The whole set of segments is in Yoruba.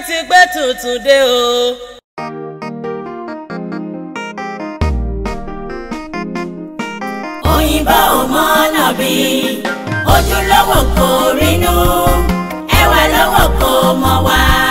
orin ti gbé tuntun dé o. òyìnbó ọmọ nàbí ojúlówó kò rínú ẹwà lówó kò mọ̀ wá.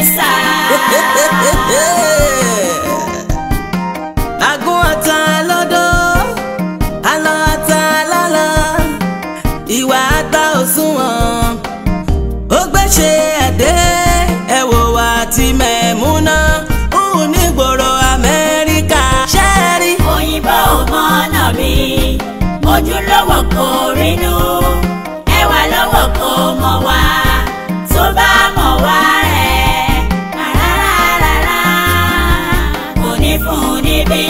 mínísítà. àgùn ọ̀tàn lọ́dọ̀ àlọ́ ọ̀tàn lọ́lọ́ ìwà àgbà òṣùwọ̀n ó gbéṣe ẹ̀dẹ́ ẹ̀wò àti mẹ̀múná ń nígboro Amẹ́ríkà. ṣẹ́ẹ̀rí òyìnbó ò mọ ọ̀nà ojúlówó kò rínú ẹwà lówó kò mọ̀ wá.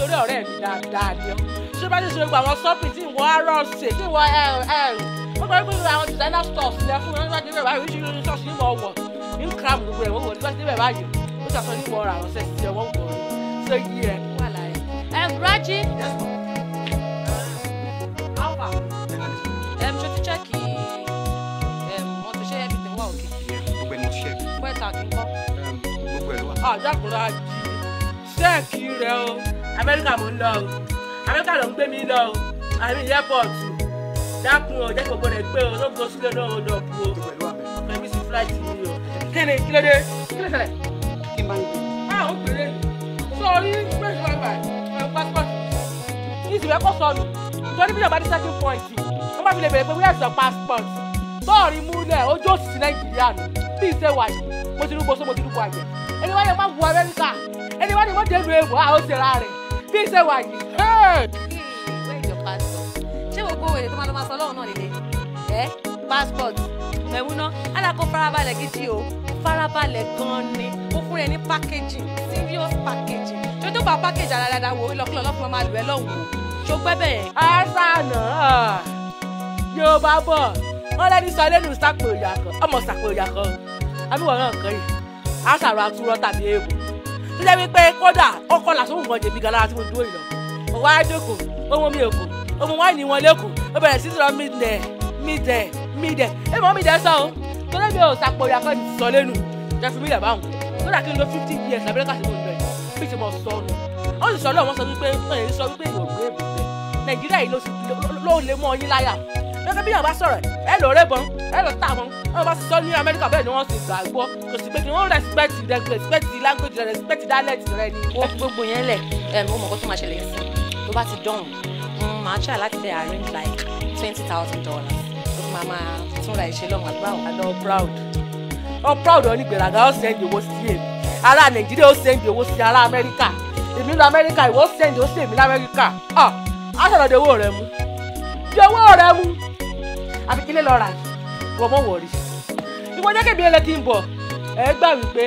torí ọ̀rẹ́ mi dáadáa ni ọ́ ṣé bá ṣe ṣe gbogbo àwọn sọ́ọ̀pì tí ìwọ arọ́ọ̀sẹ̀ tí ìwọ wọ́n gbọ́dọ̀ gbọ́dọ̀ àwọn designer stores lẹ fún wọn nígbàdí bẹ́ẹ̀ báyìí oríṣiríṣi ṣọ́ọ̀ṣì nímọ̀ ọ̀wọ̀ ní kram gbogbo ẹ̀ wọ́n wọ̀ nígbàdí bẹ́ẹ̀ báyìí ó ṣàṣọ nímọ̀ ọ̀rọ̀ àwọn sẹ́sì ẹ̀ wọ́n wọ̀ ṣé yí ẹ̀ wà láyé. ẹ Buraji. ẹ ṣe ti chẹ́ẹ̀kì wọ́n ti ṣe ẹ̀bìtì wà òkè. gbogbo ẹ̀ ni mo ṣe. gbogbo ah, rẹ o amẹ́ríkà mò ń lọ o amẹ́ríkà ló ń gbé mi lọ o àmì yẹ́pọ̀tù dákun o jẹ́kọ̀ọ́ gbọ́dọ̀ pé o ló ń gbósùn lọ́dọ̀ o lọ kú o pẹ̀lú sí fúláìtì mi o. kí ni kí ló dé kí ló ṣẹlẹ̀. kí n bá ń gbé. a ò pèlè sọ orí fresh wifi ẹ̀ passport ní ìsìnkú ẹ̀kọ́ sọnù torí bí yorùbá ní second point wọ́n bá fi lè bẹ̀rẹ̀ pé wíyà sọ passport bọ́ọ̀rì múlẹ̀ ojú òsì nàìjíríà nù bí ìṣe wà yìí mo ti rúgbó só mo ti rúgbó àgbẹ̀ ẹni wáyé má wọ amẹ́ríkà ẹni wáyé má dẹnu èèwọ̀ àwọn òṣèré rẹ̀ bí ṣe wà yìí. where your passport ṣé gbogbo èdè tó máa lọ máa sọ lọ́hùn náà nílé ẹ passport mẹ̀wúná alákó farabalẹ̀ gidi o farabalẹ̀ gan-an ni ó fún ẹ ní packaging serious packaging tó tó bá package ara dáadáa wo ìlọkùlọ lọ́kùnrin máa lù ẹ́ lọ́hùn o tó gbẹ́ bẹ́ẹ̀. asana yóò bá bọ̀ wọ́n lẹ́ni sọ lẹ́nu sápò ìyá kan ọmọ sápò ìyá kan amíwọ̀n náà kan yìí àṣàrò àtúrọ̀ tàbí èèbù tó jẹ́ wípé kódà ọkọ làásùn nǹkan jèmi gan lára tí mo dúró yìí lọ mo wá dòkò ọmọ mi òkò ọmọ wa ní wọn lẹ́kọ̀ọ́ ó bẹ̀rẹ̀ sí sọ̀rọ̀ mídẹ̀ mídẹ̀ mídẹ̀ ẹ mọ̀ mídẹ̀ sọ o tó lẹ́bi ò sàpọ̀ ìyá kan sọ lẹ́nu jẹ́ fi mídẹ̀ báwọn kódà kí n lo fifty years abẹ́rẹ́ kàṣẹ́ mo ń lọ yìí bí ṣe mo sọ ọ́nù ó sì sọ lọ́wọ́ sọ wípé ó yẹ sọ wípé ìwòrán èbùbẹ̀ Nàìjíríà yìí ló lè mọ ọyìn láyà gẹ́gẹ́ bí yàrá sọ̀rọ̀ ẹ lọ rẹ bọ́n ẹ lọ tà wọn wọn bá sọ ní amẹ́ríkà bẹ́ẹ̀ ni wọ́n ti gbà gbọ́ kò sí pé kí wọ́n respect rẹ respect language rẹ respect dialect rẹ ni. wọ́n fi gbogbo yẹn lẹ̀ ẹ̀ mo mọ̀ kó tó máa ṣẹlẹ̀ sí tó bá ti dọ̀hùn màá ṣáà láti dẹ̀ arrange like twenty thousand dollars ó fi máa túnra ìṣe lọ́wọ́ àgbà wọn. àná proud ọ proud ọ ní gbèrágà ó send owó sí èmi ará nàìjíríà ó send owó sí ará amẹ́ríkà èmi lọ amẹ́ríkà ìwọ send owó sí èmi lọ amẹ́ríkà ọ̀ ah, á sọ̀rọ̀ de owó rẹ mu de owó rẹ mu àfi kílẹ̀ lọ rà wọ́n mọ̀ wọ̀rí. ìwọ jẹ́ kébìyẹn lẹ ti ń bọ̀ ẹ gbà wípé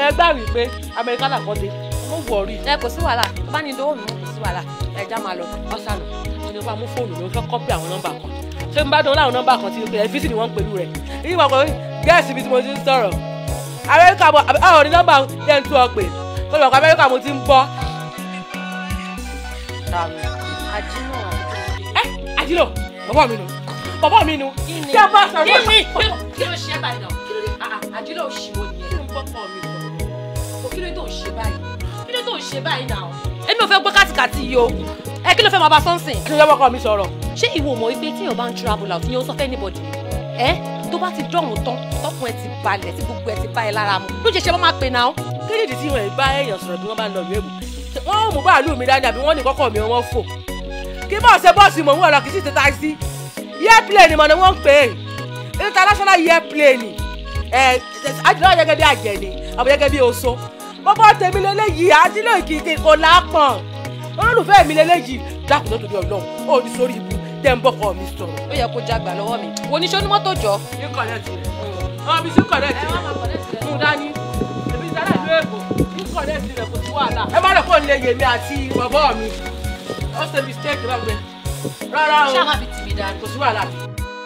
ẹ gbà wípé amẹ́ríkà làkọ́ dé mọ̀ wọ̀rí. ẹ kò sí wàhálà tó bá ní dọ́wọ́ mi kò sí wàhálà ẹ já máa lọ ọ̀sán nù ní wàá mú fóònù ló fẹ́ kọ́pì àwọn nọ́mbà kan ṣé n bá dán láwọn nọ́mbà kan ti pé ẹ fíìsì ni wọ́n ń pẹ̀lú rẹ̀ yìí wọ́n kọ́ gẹ́ẹ̀sì ibi tí mo ti ń sọ̀rọ̀ amẹ́ríkà bọ̀ àwọn ní nọ́mbà jẹ́ ń ọ pé tó lọ́kọ̀ amẹ́ríkà mo ti ń bọ́. ẹ àjìlò bàbá mi nù bàbá mi nu tí a bá sọ̀rọ̀ kí ni kí ló ṣe báyìí náà àjùlọ òṣìwò nìyẹn kí ló ń bọ́kọ̀ mi sọ̀rọ̀ kí ló tó ṣe báyìí kí ló tó ṣe báyìí náà. èmi ò fẹ́ gbọ́ kátìkàtì yìí o ẹ kí ló fẹ́ máa bá sọ́nsìn. kí ló yẹ bọ́kọ̀ mi sọ̀rọ̀. ṣé ìwọ mọ̀ pé tíyàn bá ń travel out ìyẹn sọ fẹ́ anybody ẹ tó bá ti dọ̀hún tán tọkùn ẹ ti balẹ̀ tí gbogbo ẹ ti bá ẹ lára mu ló ṣẹṣẹ wọn máa pè náà. kéde tí wọn bá èèyàn sọ̀rọ̀ bí wọ́n bá ń lọ ìlú èbù wọ́n mú báàlú mi dání àbí wọ́n ní kọ́kọ́ mi wọ́n fò kí bọ́ọ̀sì bọ́ọ̀sì mò ń wọ̀ lọ kì í sì ti táìsì airplane mọ̀ ni wọ́n ń pè é international airplane ẹ̀ àjùlọ gẹ́gẹ́ bí àjẹni àbọ̀ gẹ́gẹ́ bí oṣó bọ́bọ́ tèmi lélẹ́yìí àdínlò ìkìkì kò lápọ̀n olólùfẹ́ mi lélẹ́yìí dákun tó torí ọlọ́run ó ní sórí ibu tẹ́ ń bọ́kọ mi sọ̀rọ̀. ó yẹ kó jagbà lọ́wọ́ mi wo ní sọ́ni mọ́tò jọ. ní kọ̀lẹ́tì rẹ̀ ọmọ mi sí kọ̀lẹ́tì rẹ̀ mú dání èmi ìdáná ìlú èkó ní kọ̀lẹ́tì rẹ̀ kò sí wàhálà. ẹ má lọ fóònù lè yèmí àti bàbá mi ó ṣe mistake báwo rárá o ṣáà má fi tìmí dànù kò sí wàhálà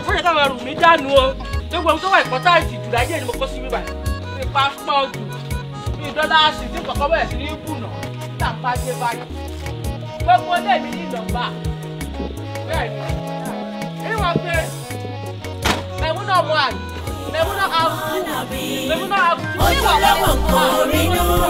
fún ìyá táwọn ẹrù mi dànù o gbogbo ohun tó wà ìpọ́tà ìtìjú láyé ni mo kó sí mi báyìí mi pásítọ̀ọ̀tù mi dọ́là sí tí kọ̀kọ́ bẹ̀rẹ̀ sí ní kùnà tá a bá dé báyìí gbogbo ilé mi ní ìlọ́gbà bẹ́ẹ̀ ìwọ̀n pé ẹ̀wọ̀n náà mọ àyè ẹ̀wọ̀n náà àwùjọ ẹ̀wọ̀n náà àwùjọ ìwọ̀n náà mọ̀ ọ́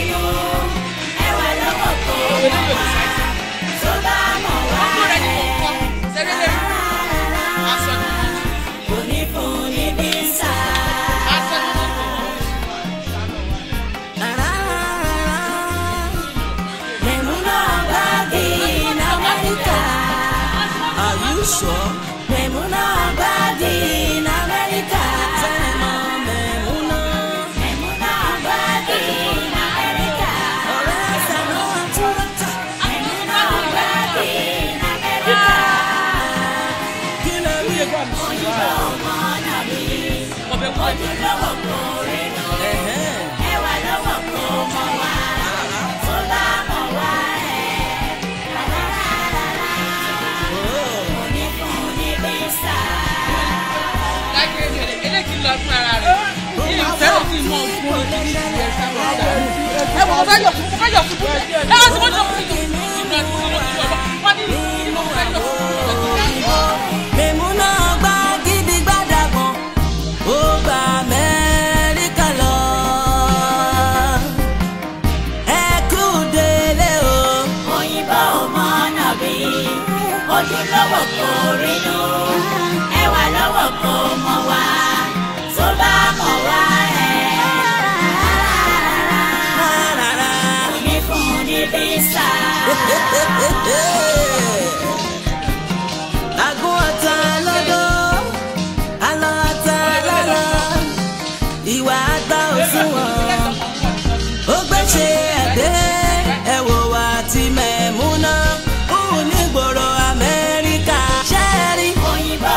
the soul. mo fẹ́ yọ̀ fún mo o. òyìnbó ọmọ nàbí ojú lọ́wọ́ kò rí nù ẹwà lọ́wọ́ kò mọ̀ wá. Lisa. Àgọ́ ọ̀tá lọ́dọ̀, àlọ́ ọ̀tá lọ́lọ́, ìwà àgbà òṣùwọ̀n. Ó gbèsè ẹ̀dẹ́, ẹ̀wò wa ti mẹ̀mú náà, òun ní gbòòrò Amẹ́ríkà. Ṣé ẹ rí? Òyìnbó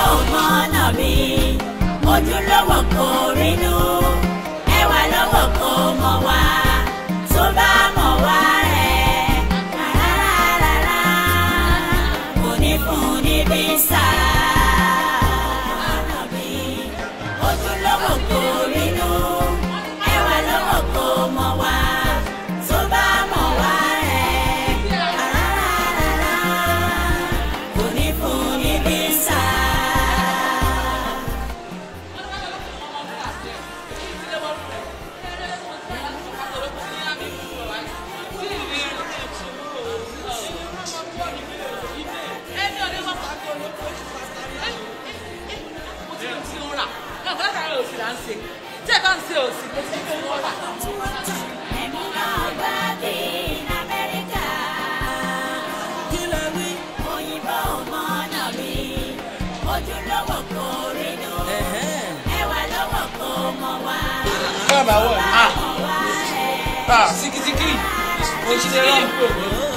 kò sí lérò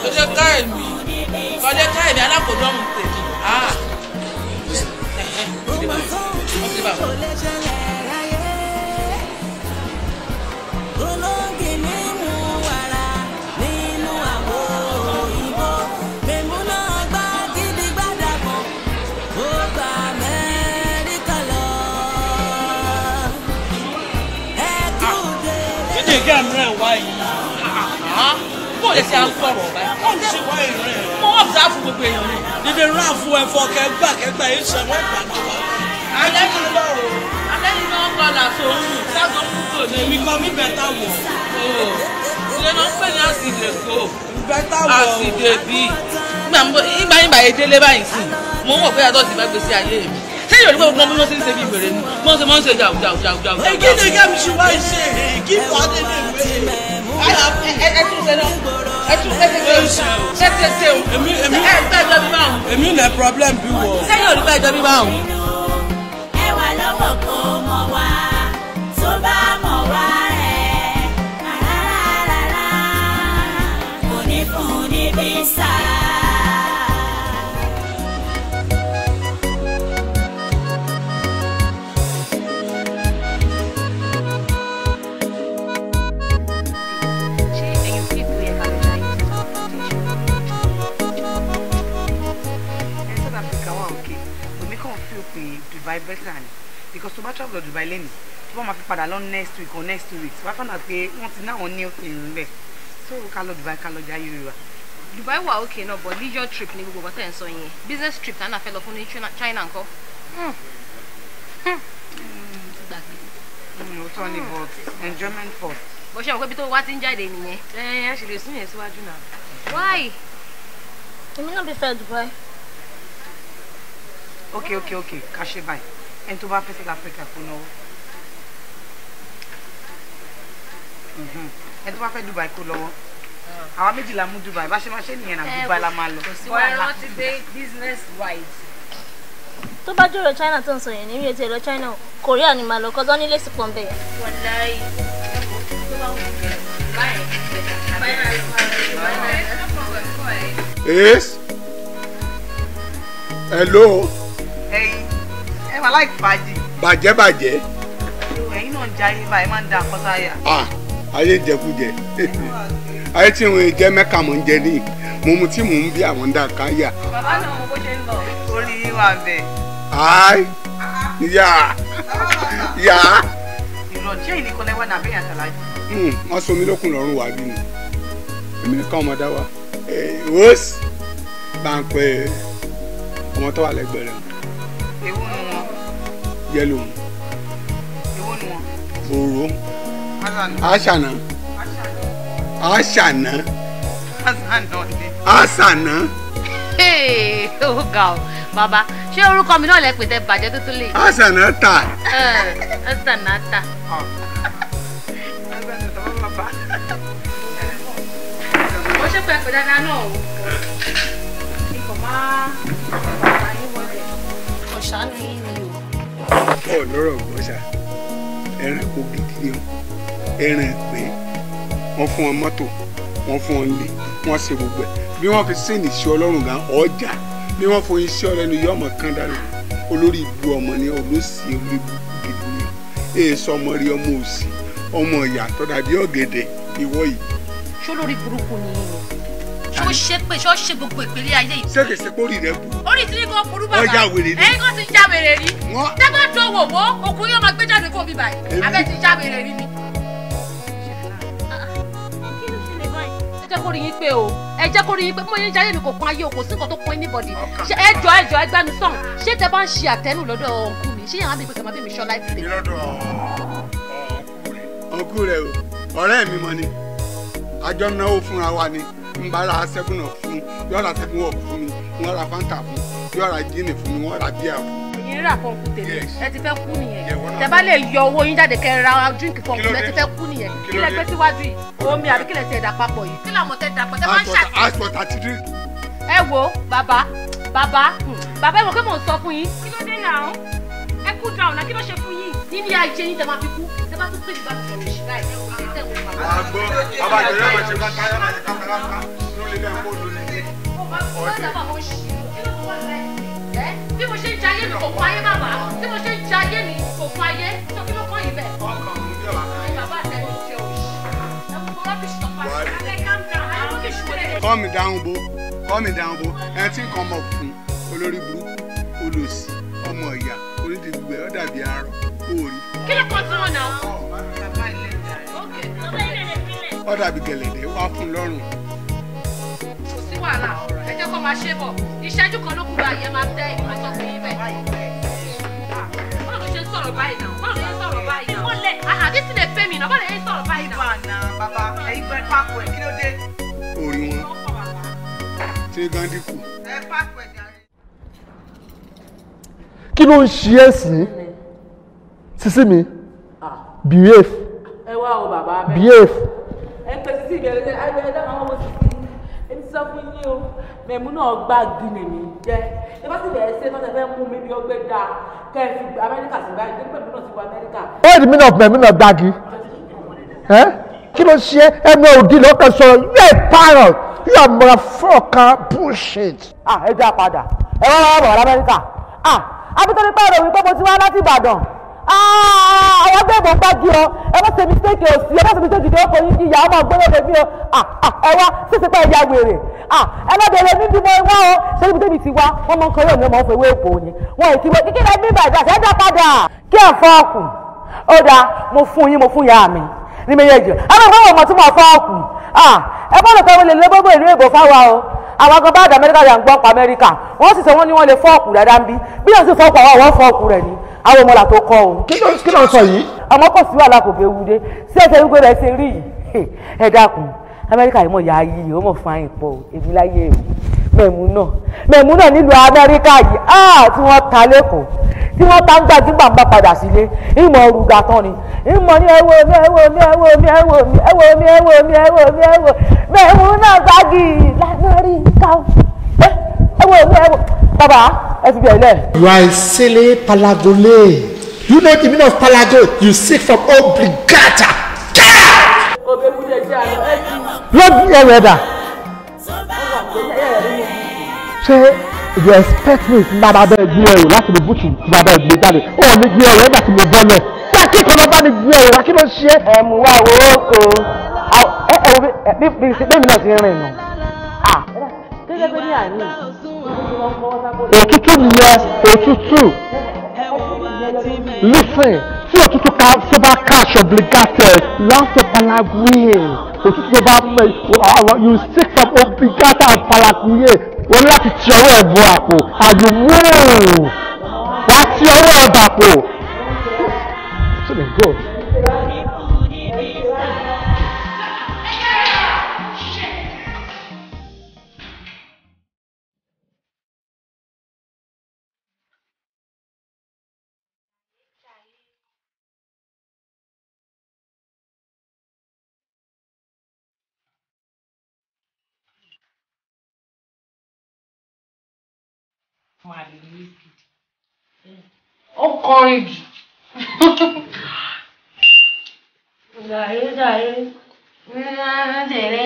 kò jẹ́ ká èmi kò jẹ́ ká èmi alákòódọ́mù tèmi. Ah. lè ṣe à ń sọ̀rọ̀ báyìí. ó ń ṣe wá ìrìn rẹ̀. mo wọ́n bùsà fún gbogbo èèyàn ni. ibi ìrún àfún ẹ̀fọ́ kẹgbà kẹgbà yìí ṣe wọ́n gbà náà wá. alẹ́ mi lọ o. alẹ́ mi náà kọ́ là sóhun sáàtọ̀ fún tò ní. èmi kan mi bẹ̀tà wọ̀. ilé náà ń pè ní àsìdè kò. bẹ̀tà wọ̀ àsìdè bíi. ìgbà yín bàyẹ̀ délé báyìí sí mo ń wọ̀ pé àtọ̀ sí bá gbèsè ayé mi ṣé yóò rí pé gbọ́n bí wọ́n ṣe ń ṣe bí ìbèrè ni wọ́n ṣe máa ń ṣe jàù jàù jàù jàù. èkìtì kẹ́mi ṣùgbọ́n ìṣe èkìtì adé lè wé èmi nà problem bí wọ. sẹ́yìn olùkọ́ ẹjọ́ bí báwọn. ẹ wà lọ́wọ́ kó mọ̀ wá tó bá mọ̀ wá rẹ̀ rárá rárá kò ní fún ní bí sáà. fi Dubai bracelet because tó bá travel lọ Dubai lẹ́nu tó bá máa fi padà lọ next week or next two weeks wá fún wa pé wọ́n ti náwọn new òkè ìrìn bẹ́ẹ̀ so ká lọ Dubai ká lọ jayé rẹ̀ wá. Dubai wà òkè náà but leisure trip ni gbogbo bàtà ẹ̀ ń sọ yẹn business trip náà náà fẹ́ lọ fún ní China nǹkan. òótọ́ hmm. hmm. hmm, ni but enjoyment first. bó ṣe mọ̀ pé bí tó wá ti ń jáde nìyẹn. ẹ ẹ ṣe lè sún yẹn síwájú náà. why? èmi náà bí fẹ́ Dubai ok ok ok ká ṣe báyìí ẹni tó bá fẹ́ South Africa kó náwó ẹni tó bá fẹ́ Dubai kó lọ́wọ́ àwa méjì la mú Dubai bá ṣe máa ṣe nìyẹn náà eh, Dubai la máa lọ. bọ́ ẹ business wise. tó bá jòrò China tó ń sọ yẹn ní ìrètí ẹ̀rọ China Korea ni màá lọ kọ́ dání lè sì pọ̀ nbẹ̀. wàlá yìí ẹ̀kọ́ tó bá wù kẹ́ Yes. Hello ẹ máa láì fàájì. bàjẹ́ bàjẹ́. ẹ̀yin náà ń jẹ ayé báyìí máa ń da àkọ́sá yà. ayé jẹkújẹ ayé tí wọn jẹ mẹ́ka mọ̀ ń jẹ ní mo mu tí mò ń bí àwọn dá ká yà. bàbá náà mo bó ṣe ń lọ orí wa bẹ̀. ayi yà yà. ìrọ̀jẹ́ ìníkọ́lẹ́ wà nàbẹ́ yàtàlá yìí. Hmm, wọ́n so mi lókun lọ́rùn wá bí mi èmi nìkan ọmọdé wa wọ́ọ̀sì bá ń pẹ́ ọmọ tó wà lẹ́gbẹ̀ẹ́ rẹ̀. Yellow. nu Asana. Asana. Asana. Hey, oh God, Baba, àṣànà. àṣànà ni. àṣànà. ó ga ọ bàbá ṣé orúkọ mi náà lẹ pè tẹ bàjẹ́ tó tó lè. àṣànà ta. Asana. ta. àṣànà ta bàbá. ó ṣe pẹ̀lú dáadáa náà o. ikọ̀ máa kò ṣàánú yín ni o. ọ̀ lọ́rọ̀ gbọ́sà ẹranko gidi ni ẹran pé wọ́n fún ọ mọ́tò wọ́n fún ọ ilé wọ́n ṣe gbogbo ẹ̀ bí wọ́n fi sèǹdì sí ọlọ́run gan ọjà bí wọ́n fún iṣẹ́ ọlẹ́nu yọ ọmọ kan dáná olórí ibu ọmọ ni olóòsì olóògùn ni èèṣọ ọmọ rí ọmọ òsì ọmọ ìyàtọ̀ dàbí ọ̀gẹ̀dẹ̀ ìwọ yìí. ṣó lórí burúkú ni yín o ṣó ṣe pé ṣó ṣe gbogbo ìpínlẹ̀ ayé yìí. ṣé kèsì pé orí rẹ bù. orí ti ní kó burú bàbá ọjà wèrè ni. ẹyin kan ti já wèrè rí. wọn. tẹ́gbà tó wò wó òkun yóò máa gbé jáde fún mi báyìí. abẹ́ ti já wèrè rí ni. ẹ jẹ́ kó rí yín pé o ẹ jẹ́ kó rí yín pé mo yẹn jáde ní kò kún ayé o kò sí nǹkan tó kún anybody ṣe ẹ jọ ẹ jọ ẹ gbá mi sàn ṣé tẹ bá ń ṣe àtẹnu lọ́dọ̀ ọ̀nkú mi ṣé yàrá mi pé kàmá bí mi ṣọ́ láì pè. lọ́dọ̀ ọ̀nkú rẹ̀ o ọ̀rẹ́ mi mọ ni àjọ náwó fúnra wa ni n bá ra seven up fún yóò ra mi wọ́n fanta fún yóò ra gíní mi wọ́n ra bíà fún rà fọ́nkú tèmi ẹ ti fẹ́ kú nìyẹn tẹ bá lè yọ owó yín jáde kẹ ra dírìnkì fọ́nkú ẹ ti fẹ́ kú nìyẹn kí lẹ gbé síwájú yìí omi àbí kí lẹ ti ẹ̀dà papọ̀ yìí kí làwọn tẹ dàpọ̀ tẹ máa ń ṣàtì. aṣọ tàti rí. ẹ wo bàbá bàbá bàbá ẹ mọ̀ mò ń sọ fún yín kí ló dé náà kú dáhùn náà kí ló ṣe fún yín. níbi ajé yín tẹ̀wọ́n fi kú tẹ̀wọ́n bá tún pè nígbà tó ṣe báyìí tẹ̀wọ́n bàbá jẹ̀rẹ̀ ọmọ ṣe bá táyà máa ṣe káfíńtà lórí bẹ́ẹ̀ kó lórí. bí mo ṣe ń jayé mi kò fún ayé bàbá bí mo ṣe ń jayé mi kò fún ayé tó kí ló kọ́ yìí bẹ̀. Calm me down, bo. Calm me down, bo. Ẹ come up, kọ́ ọmọ fún olórí burúkú lóde gbogbo ẹ̀ ọ́ dàbí arọ òòrí. kí ló kọ́ sí náà. ọ́ dàbí gẹ̀lẹ̀dẹ̀ wá fún lọ́rùn. kò sí wàhálà ẹ jẹ́ kó máa ṣe bọ̀ ìṣẹ́jú kan ló kù bá yẹn máa tẹ́ ìmọ̀ fún yín bẹ́ẹ̀. báwo ló ṣe sọ̀rọ̀ báyìí náà báwo ló ṣe sọ̀rọ̀ báyìí náà. ìmọ̀lẹ̀ àhàdí lè fẹ́ mi náà báwo lè ṣe sọ̀rọ̀ báyìí náà. ìbànà bàbá ẹ̀yin pẹ́ pápọ̀ ẹ̀ kí ló dé. orí wọn ṣé gandhi kù. ẹ pápọ̀ ẹ̀ kí ló ń ṣe ẹ́ sí sísí mi ah. behave ẹ behave. ẹ pẹ sísí ìbẹ̀rẹ̀ ṣe àgbẹ̀ ẹ̀dá máa wọ́n sísí èmi sọ fún yín o mẹ̀mú náà gbá gíní mi jẹ́ ẹ bá sì bẹ̀rẹ̀ ṣe tọ́jà fẹ́ mú mi bí ọgbẹ́ dà kẹ́ ẹ fi amẹ́ríkà sí báyìí nígbà mí náà ti wọ amẹ́ríkà. wait a minute mẹ̀mú náà gbági kí ló ṣe ẹnu òdì lọ́kàn sọ̀rọ̀ you are a parrot you are bullshit. ah ẹ já padà ẹ wá wá bàbá amẹ́ríkà ah abitori pé èrò wípé mo ti wá láti Ìbàdàn àwọn ah, gbé ìbò gbájú ọ ẹ má ṣe mistake o sí ẹ má ṣe mistake kí ó kò yí kí ìyá ọmọ gbọ́dọ̀ lè mí o ah, ah, ẹ wá sísè pé ẹ̀yà wèrè ẹ má bẹ̀rẹ̀ mí bí mo wá o ṣé níbi tẹ́bi ti wá wọ́n mọ̀ ń kọ́ yóò ní ọmọ òfin ìwé èkó ni wọ́n èkí wọ́n kíkí lẹ́mí bàjẹ́ àṣẹ ẹ̀dá padà kí ẹ̀fọ́ ọkùn ó dáa mo fún yín mo fún yàrá mi ní méjèèjì aláǹkó wọn mọ̀ tí mo fọ́ ọkù ẹ bọ́dọ̀ pé wọ́n lè lé gbogbo ìlú èbò fáwa o àwọn agan bá àdá amẹ́ríkà yà ń gbọ́ pa amẹ́ríkà wọ́n sì sọ wọ́n ní wọ́n lè fọ́ ọkù rẹ̀ dáńbí bí wọ́n sì fọ́ ọkù àwọn fọ́ ọkù rẹ̀ ni àwọn ọmọlà tó kọ́ o. kí ló ń sọ yìí. ọmọ kò sí wàhálà kò bẹ́ẹ̀ wúde sí ẹsẹ̀ wípé rẹ̀ ṣe rí ẹ dákun amẹ́ríkà yìí mọ̀ yà á yí o mọ̀ fún àyìn pọ̀ èmi láyé mẹ̀mú náà mẹ̀mú náà nílùú amẹ́ríkà yìí tí wọ́n ta lẹ́kọ̀ọ́ tí wọ́n bá ń gbàdúgbà padà sílé ìmọ̀ òrùgà tán ni ìmọ̀ ní ẹwọ́ mi ẹwọ́ mi ẹwọ́ mi ẹwọ́ mi ẹwọ́ mi ẹwọ́ mi ẹwọ́ mi ẹwọ́ mi ẹwọ́ náà gbági lágbárí káwọ́ ẹwọ́ mi ẹwọ́ bàbá ẹ fi bẹ̀rẹ̀ lẹ̀. raisele palagole you know the meaning of palago you seek from obligata. lọ́dún ẹ̀rọ ẹ̀dà ṣé you expect me ti máa bá bẹ́ẹ̀ gbé ẹrù láti lè bùtù máa bẹ́ẹ̀ gbé jáde ó ní gbé ẹrù ẹgbà tí mo bọ́lẹ̀ kí akẹ́kọ̀ọ́ lọ bá mi gbé ẹrù wá kí ló ṣe. ẹ mú wa wo o ẹ ẹ wo bí bí bẹ́ẹ̀ mi náà ti rìn nù. òtútù nìyẹn òtútù listen tí òtútù ká tó bá catch obligate láti balaguye òtútù tó bá mọ you sick from obligate and balaguye o láti ti ọwọ́ ẹ̀ bu àpò àyù mú wá ti ọwọ́ ẹ̀ bàpò. máa lè rí Wizkid ó kọrin jù. gàrí gàrí nílẹ̀ tẹ̀lé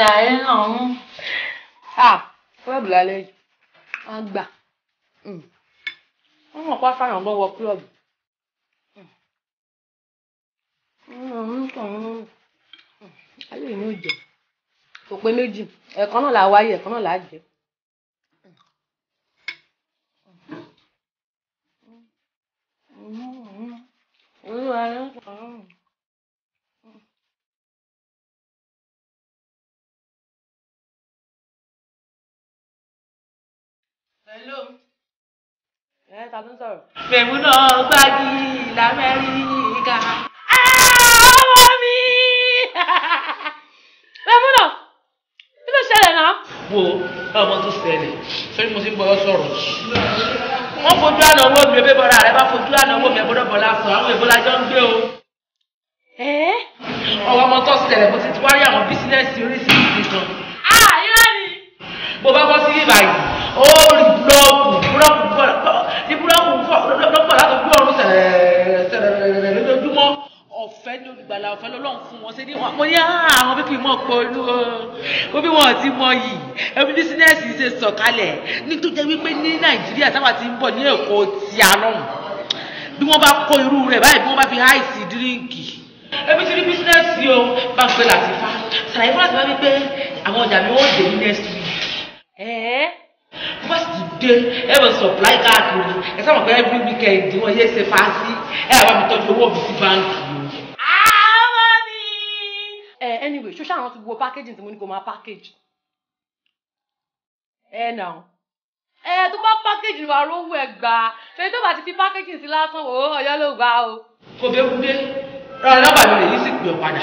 gàrí náà mú. kílọ̀bù lálẹ́ yìí wọ́n gbà hmm. wọ́n mọ̀ pé afáyàn gbọ́ wọ kílọ̀bù. alẹ́ yìí ni ó jẹ́ kò pé méjì ẹ̀kan náà là wáyé ẹ̀kan náà là á jẹ́. Olúwa ló ń pọ̀ lọ́rùn. Hello. Ẹ ta ló ń sọ̀rọ̀? Pẹ̀lú náà gbági l'Amẹ́ríkà. Ọmọ mi! Pẹ̀lú náà, kí ló ṣẹlẹ̀ náà? Wo ọmọ tó ṣẹlẹ̀, sọ́yìn mo ti ń bọ́ sọ̀rọ̀ wọ́n fojú àná owó mi ebí bọ́lá rẹ bá fojú àná owó mi ẹ̀bọ́dọ̀ bọ́lá sọ àwọn èbọ́lá jọ ń gbé o. ọwọ́ ọmọ tó ṣẹlẹ̀ mo ti ti wárí àwọn bísínẹ́sì oríṣiríṣi kan. a irọ́ ni. bó bá bọ́ sí ibà yìí ó rí búlọ́ọ̀kù búlọ́ọ̀kù ní ọ̀fẹ́ lólùgbàlà ọ̀fẹ́ lọ́lọ́run fún wọn ṣe ni wọn mo ní ah, àwọn pípín mọ̀ pé olú o bí wọn ti mọ yìí ẹbí bísínẹ́sì ṣe sọ̀kalẹ̀ nítorí wípé ní nàìjíríà táwa ti ń bọ̀ ní èkó ti àlọ́hùn bí wọ́n bá kó irú rẹ̀ báyìí bí wọ́n bá fi áìsì díríǹkì ẹbí ti ní bísínẹ́sì o bá ń pè láti fa ṣàlàyé fún láti wá wípé àwọn ọjà mi wọ́n dé ní next week. ẹ̀ẹ́ first day ẹ bẹ supply káàkiri ẹ sábà pé every weekend wọn yẹ ṣe fàásì ẹ àwọn àmì tọ́jú owó mi sí báńkì eh, anyway ṣó ṣáà wọn ti wo packaging tí mo ní kó máa package ẹ nà ó ẹ tó bá package wà rówó ẹ gbà ṣe tó bá ti fi packaging sí lásán wò oh ọyọ ló gbà o. kò dé kú dé rárá nọ́mbà mi rè yìí sì gbé padà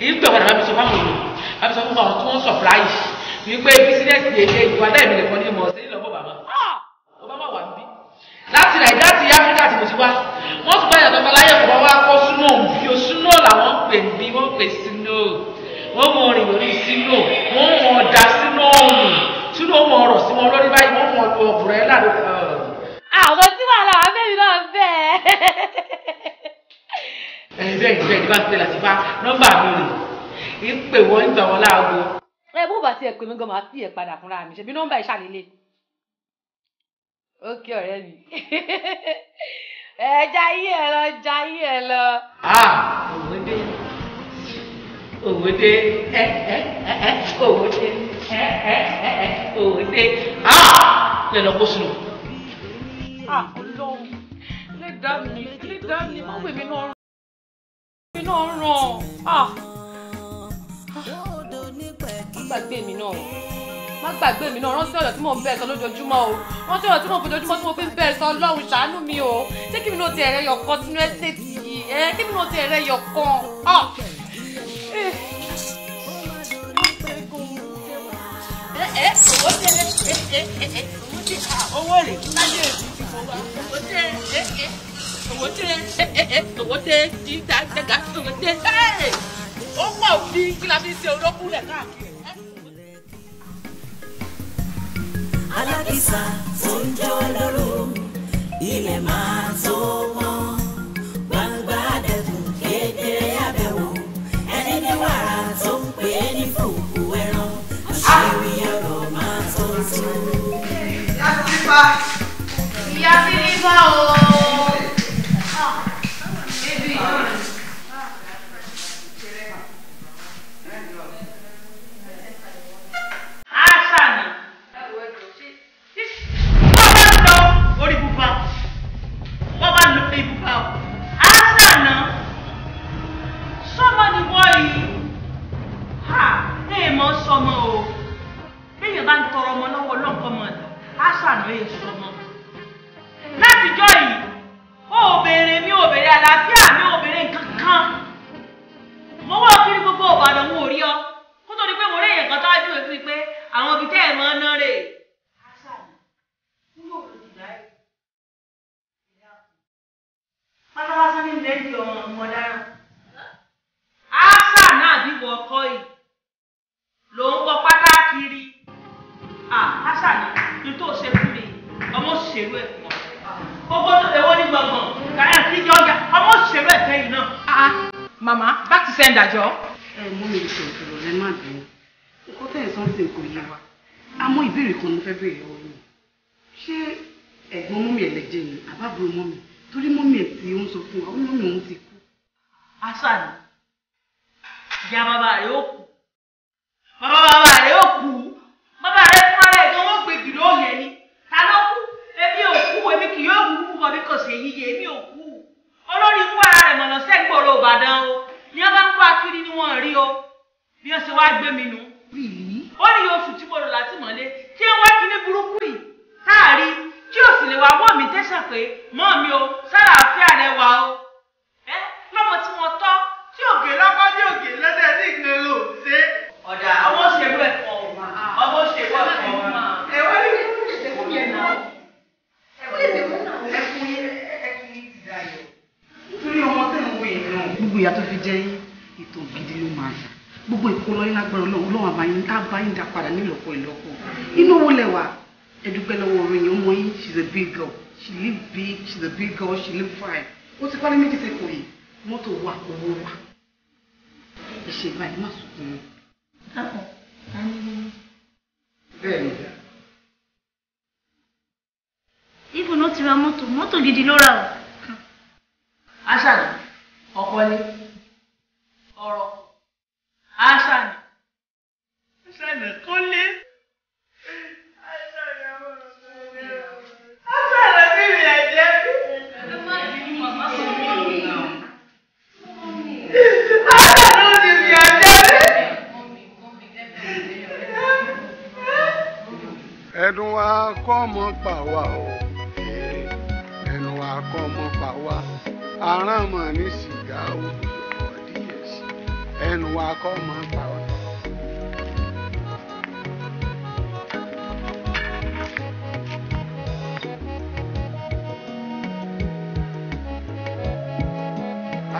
yìí gbé I'm so sọ fáwọn èèyàn bàbí sọ fún àwọn tí wọn supply wípé bísínẹsì èdè ìwà lẹ́ẹ̀mí nìkan ní ìmọ̀ ọ̀sẹ̀ nílò ọmọ bàbá ọba ah! má wà ń bí láti nàìjíríà láti áfíríkà tí mo ti wá wọn tún bá yàtọ̀ ọmọ láyé kọ́ wá kọ́ súnú òun bí o súnú ọ̀làwọ̀n pè ń bí wọ́n pè sí wọ́n mọ rìn lórí sínú wọ́n mọ ọ̀dà sínú ọ̀hún sínú ọmọ ọ̀rọ̀ sí wọn lórí báyìí wọ́n mọ ọ̀dọ̀ ọ̀bùrẹ́ láàrin. àwọn tí wàhálà wà bẹ́ẹ̀ mi náà bẹ́ẹ̀. ẹ bẹ́ẹ̀ ni bẹ́ẹ̀ ni bá ti pèlà sí bá nọ́mbà mi rè é pè wọ́n ń gbà wọ́n láago. ẹ bó bá tiẹ̀ pè mí gan-an máa fi ẹ̀ padà fúnra mi ṣebí nọ́mbà ìṣàlélẹ̀. ó kí ọ̀rẹ́ mi ẹ jayé ẹ lọ jayé ẹ lọ. ah òun dé òwòde ẹ ẹ ẹ ẹ òwòde ẹ ẹ ẹ ẹ òwòde a lè lọ kó sínú. a Ọlọ́run lè dá mi lè dá mi má wèmí náà ràn mí náà ràn a. má gbàgbé mi náà má gbàgbé mi náà rántí ọ̀rọ̀ tí mò ń bẹ́ẹ̀ sọ lójoojúmọ́ o rántí ọ̀rọ̀ tí mò ń fojoojúmọ́ tí mo fi ń bẹ́ẹ̀ sọ Ọlọ́run ṣàánú mi o jẹ́ kí mi náà ti ẹ̀rẹ́ yọ̀kan sínú ẹ́sẹ̀tì yìí ẹ́ kí mi náà ti ẹ̀rẹ́ yọ̀kan owó rè láyé èdè owó Viva! Viva big girl she look fine ó ti pálí méjì sí kò yìí mọ́tò wà owó wà ìṣe ìbáyé má sùn mọ́. bẹ́ẹ̀ni. ibo you ti ra mọ́tò mọ́tò gidi ló rà o.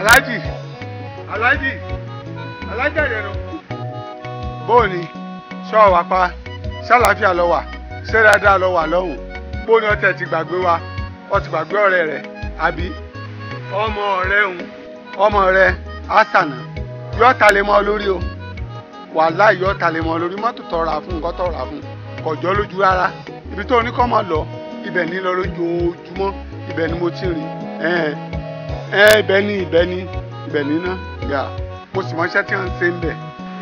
aláàjì aláàjì aláàjì àyẹ̀rọ. bóòní sọ wà pa sálàáfíà lọ wà ṣé dáadáa lọ wà lọ́hùn bóòní ọtẹ ti gbàgbé wa ó ti gbàgbé ọ̀rẹ́ rẹ̀ àbí. ọmọ rẹ ń ọmọ rẹ asana yóò ta lè mọ lórí o wàhálà yóò ta lè mọ lórí mọ́tò tọ̀ra fún nǹkan tọ̀ra fún kọjọ́ lójú rárá ibi tó ní kọ́ mọ́ lọ ibẹ̀ ní lọ lójoojúmọ́ ibẹ̀ ni mo ti rìn ẹ ibẹ̀ ni ibẹ̀ ni ibẹ̀ yà mo sì mọṣẹ́ tí ń ṣe ń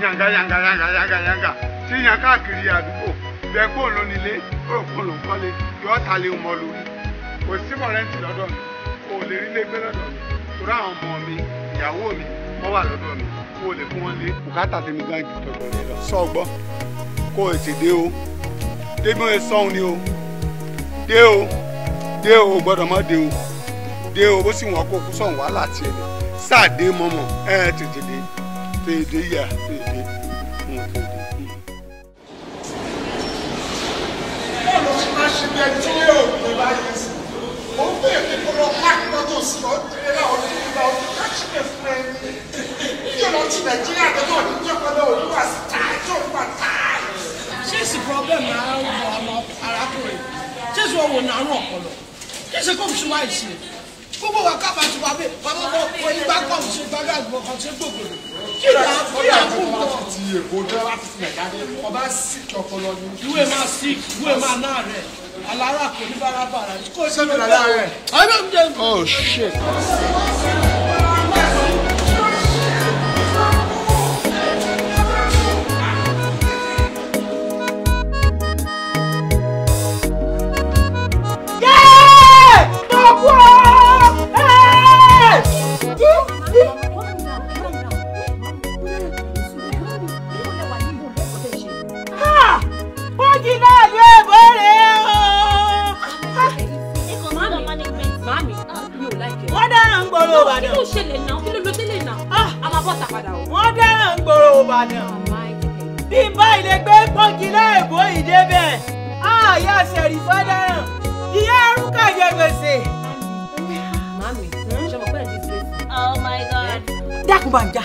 yanga yanga yanga yanga yanga tí yan káàkiri àdúgbò bẹ kóun ló nílé kóun o ló ń kọ́lé yọ ta lé ọmọ lórí kò sí mọ̀rẹ́ǹtì lọ́dọ̀ mi kò lè rí lé gbé lọ́dọ̀ mi torí àwọn ọmọ mi ìyàwó mi wọ́n wà lọ́dọ̀ mi kò lè fún wọn o sì dé o dé o gbọ́dọ̀ má o. dé owó sì wọ́n kó kú sọ̀hún wá láti ẹ̀ sáàdé mọ́mọ́ ẹ tètè dé tètè yà tètè mú tètè. bọ́ọ̀lù ti máa ṣe bí ẹni tí yóò gbé báyìí sí mo ń bèèrè kó lọ páàkì mọ́tò sí ọ délé láwọn ní ìlà ọdún káṣíkẹ̀ fún ẹni yóò lọ ti nàìjíríà lọ́dọ̀ ní ìjọpọ̀lọ́ olúwa sí táàjọ́ nípa táàj. ṣé èsì pọ́blẹ́mù ara ń ọmọ arákùnrin ṣé èsì wọn wò ní kò fi ṣe wáyé gbogbo wa ká máa ti wá bàbá bọ̀ kò ní bá kọ̀ ṣe gbàgbà kan ṣe gbògbòdò. kí ni a kí a kú bọ̀. láti ti èkó láti ti nàìjíríà dé ọba sick ọpọlọ ni. ìwé máa sick ìwé máa náà rẹ̀ alára kò ní bára bàrà kó o ṣe bẹ̀rẹ̀ láàárẹ̀. ọ̀h shit. Ìbàdàn. kí ló ṣẹlẹ̀ náà kí ló lọ délé náà. Ah! a máa bọ́ ta padà o. wọ́n dáràn ń gbòòrò Ìbàdàn. bí báyìí lè gbé pọ́ǹkì láìbó ìdébẹ̀ àyà sẹ̀rí fọ́dáràn ìyá arúgbó àjẹ gbèsè. mami ṣe mọ̀ ti gbèsè. oh my god. dákun bá ń já.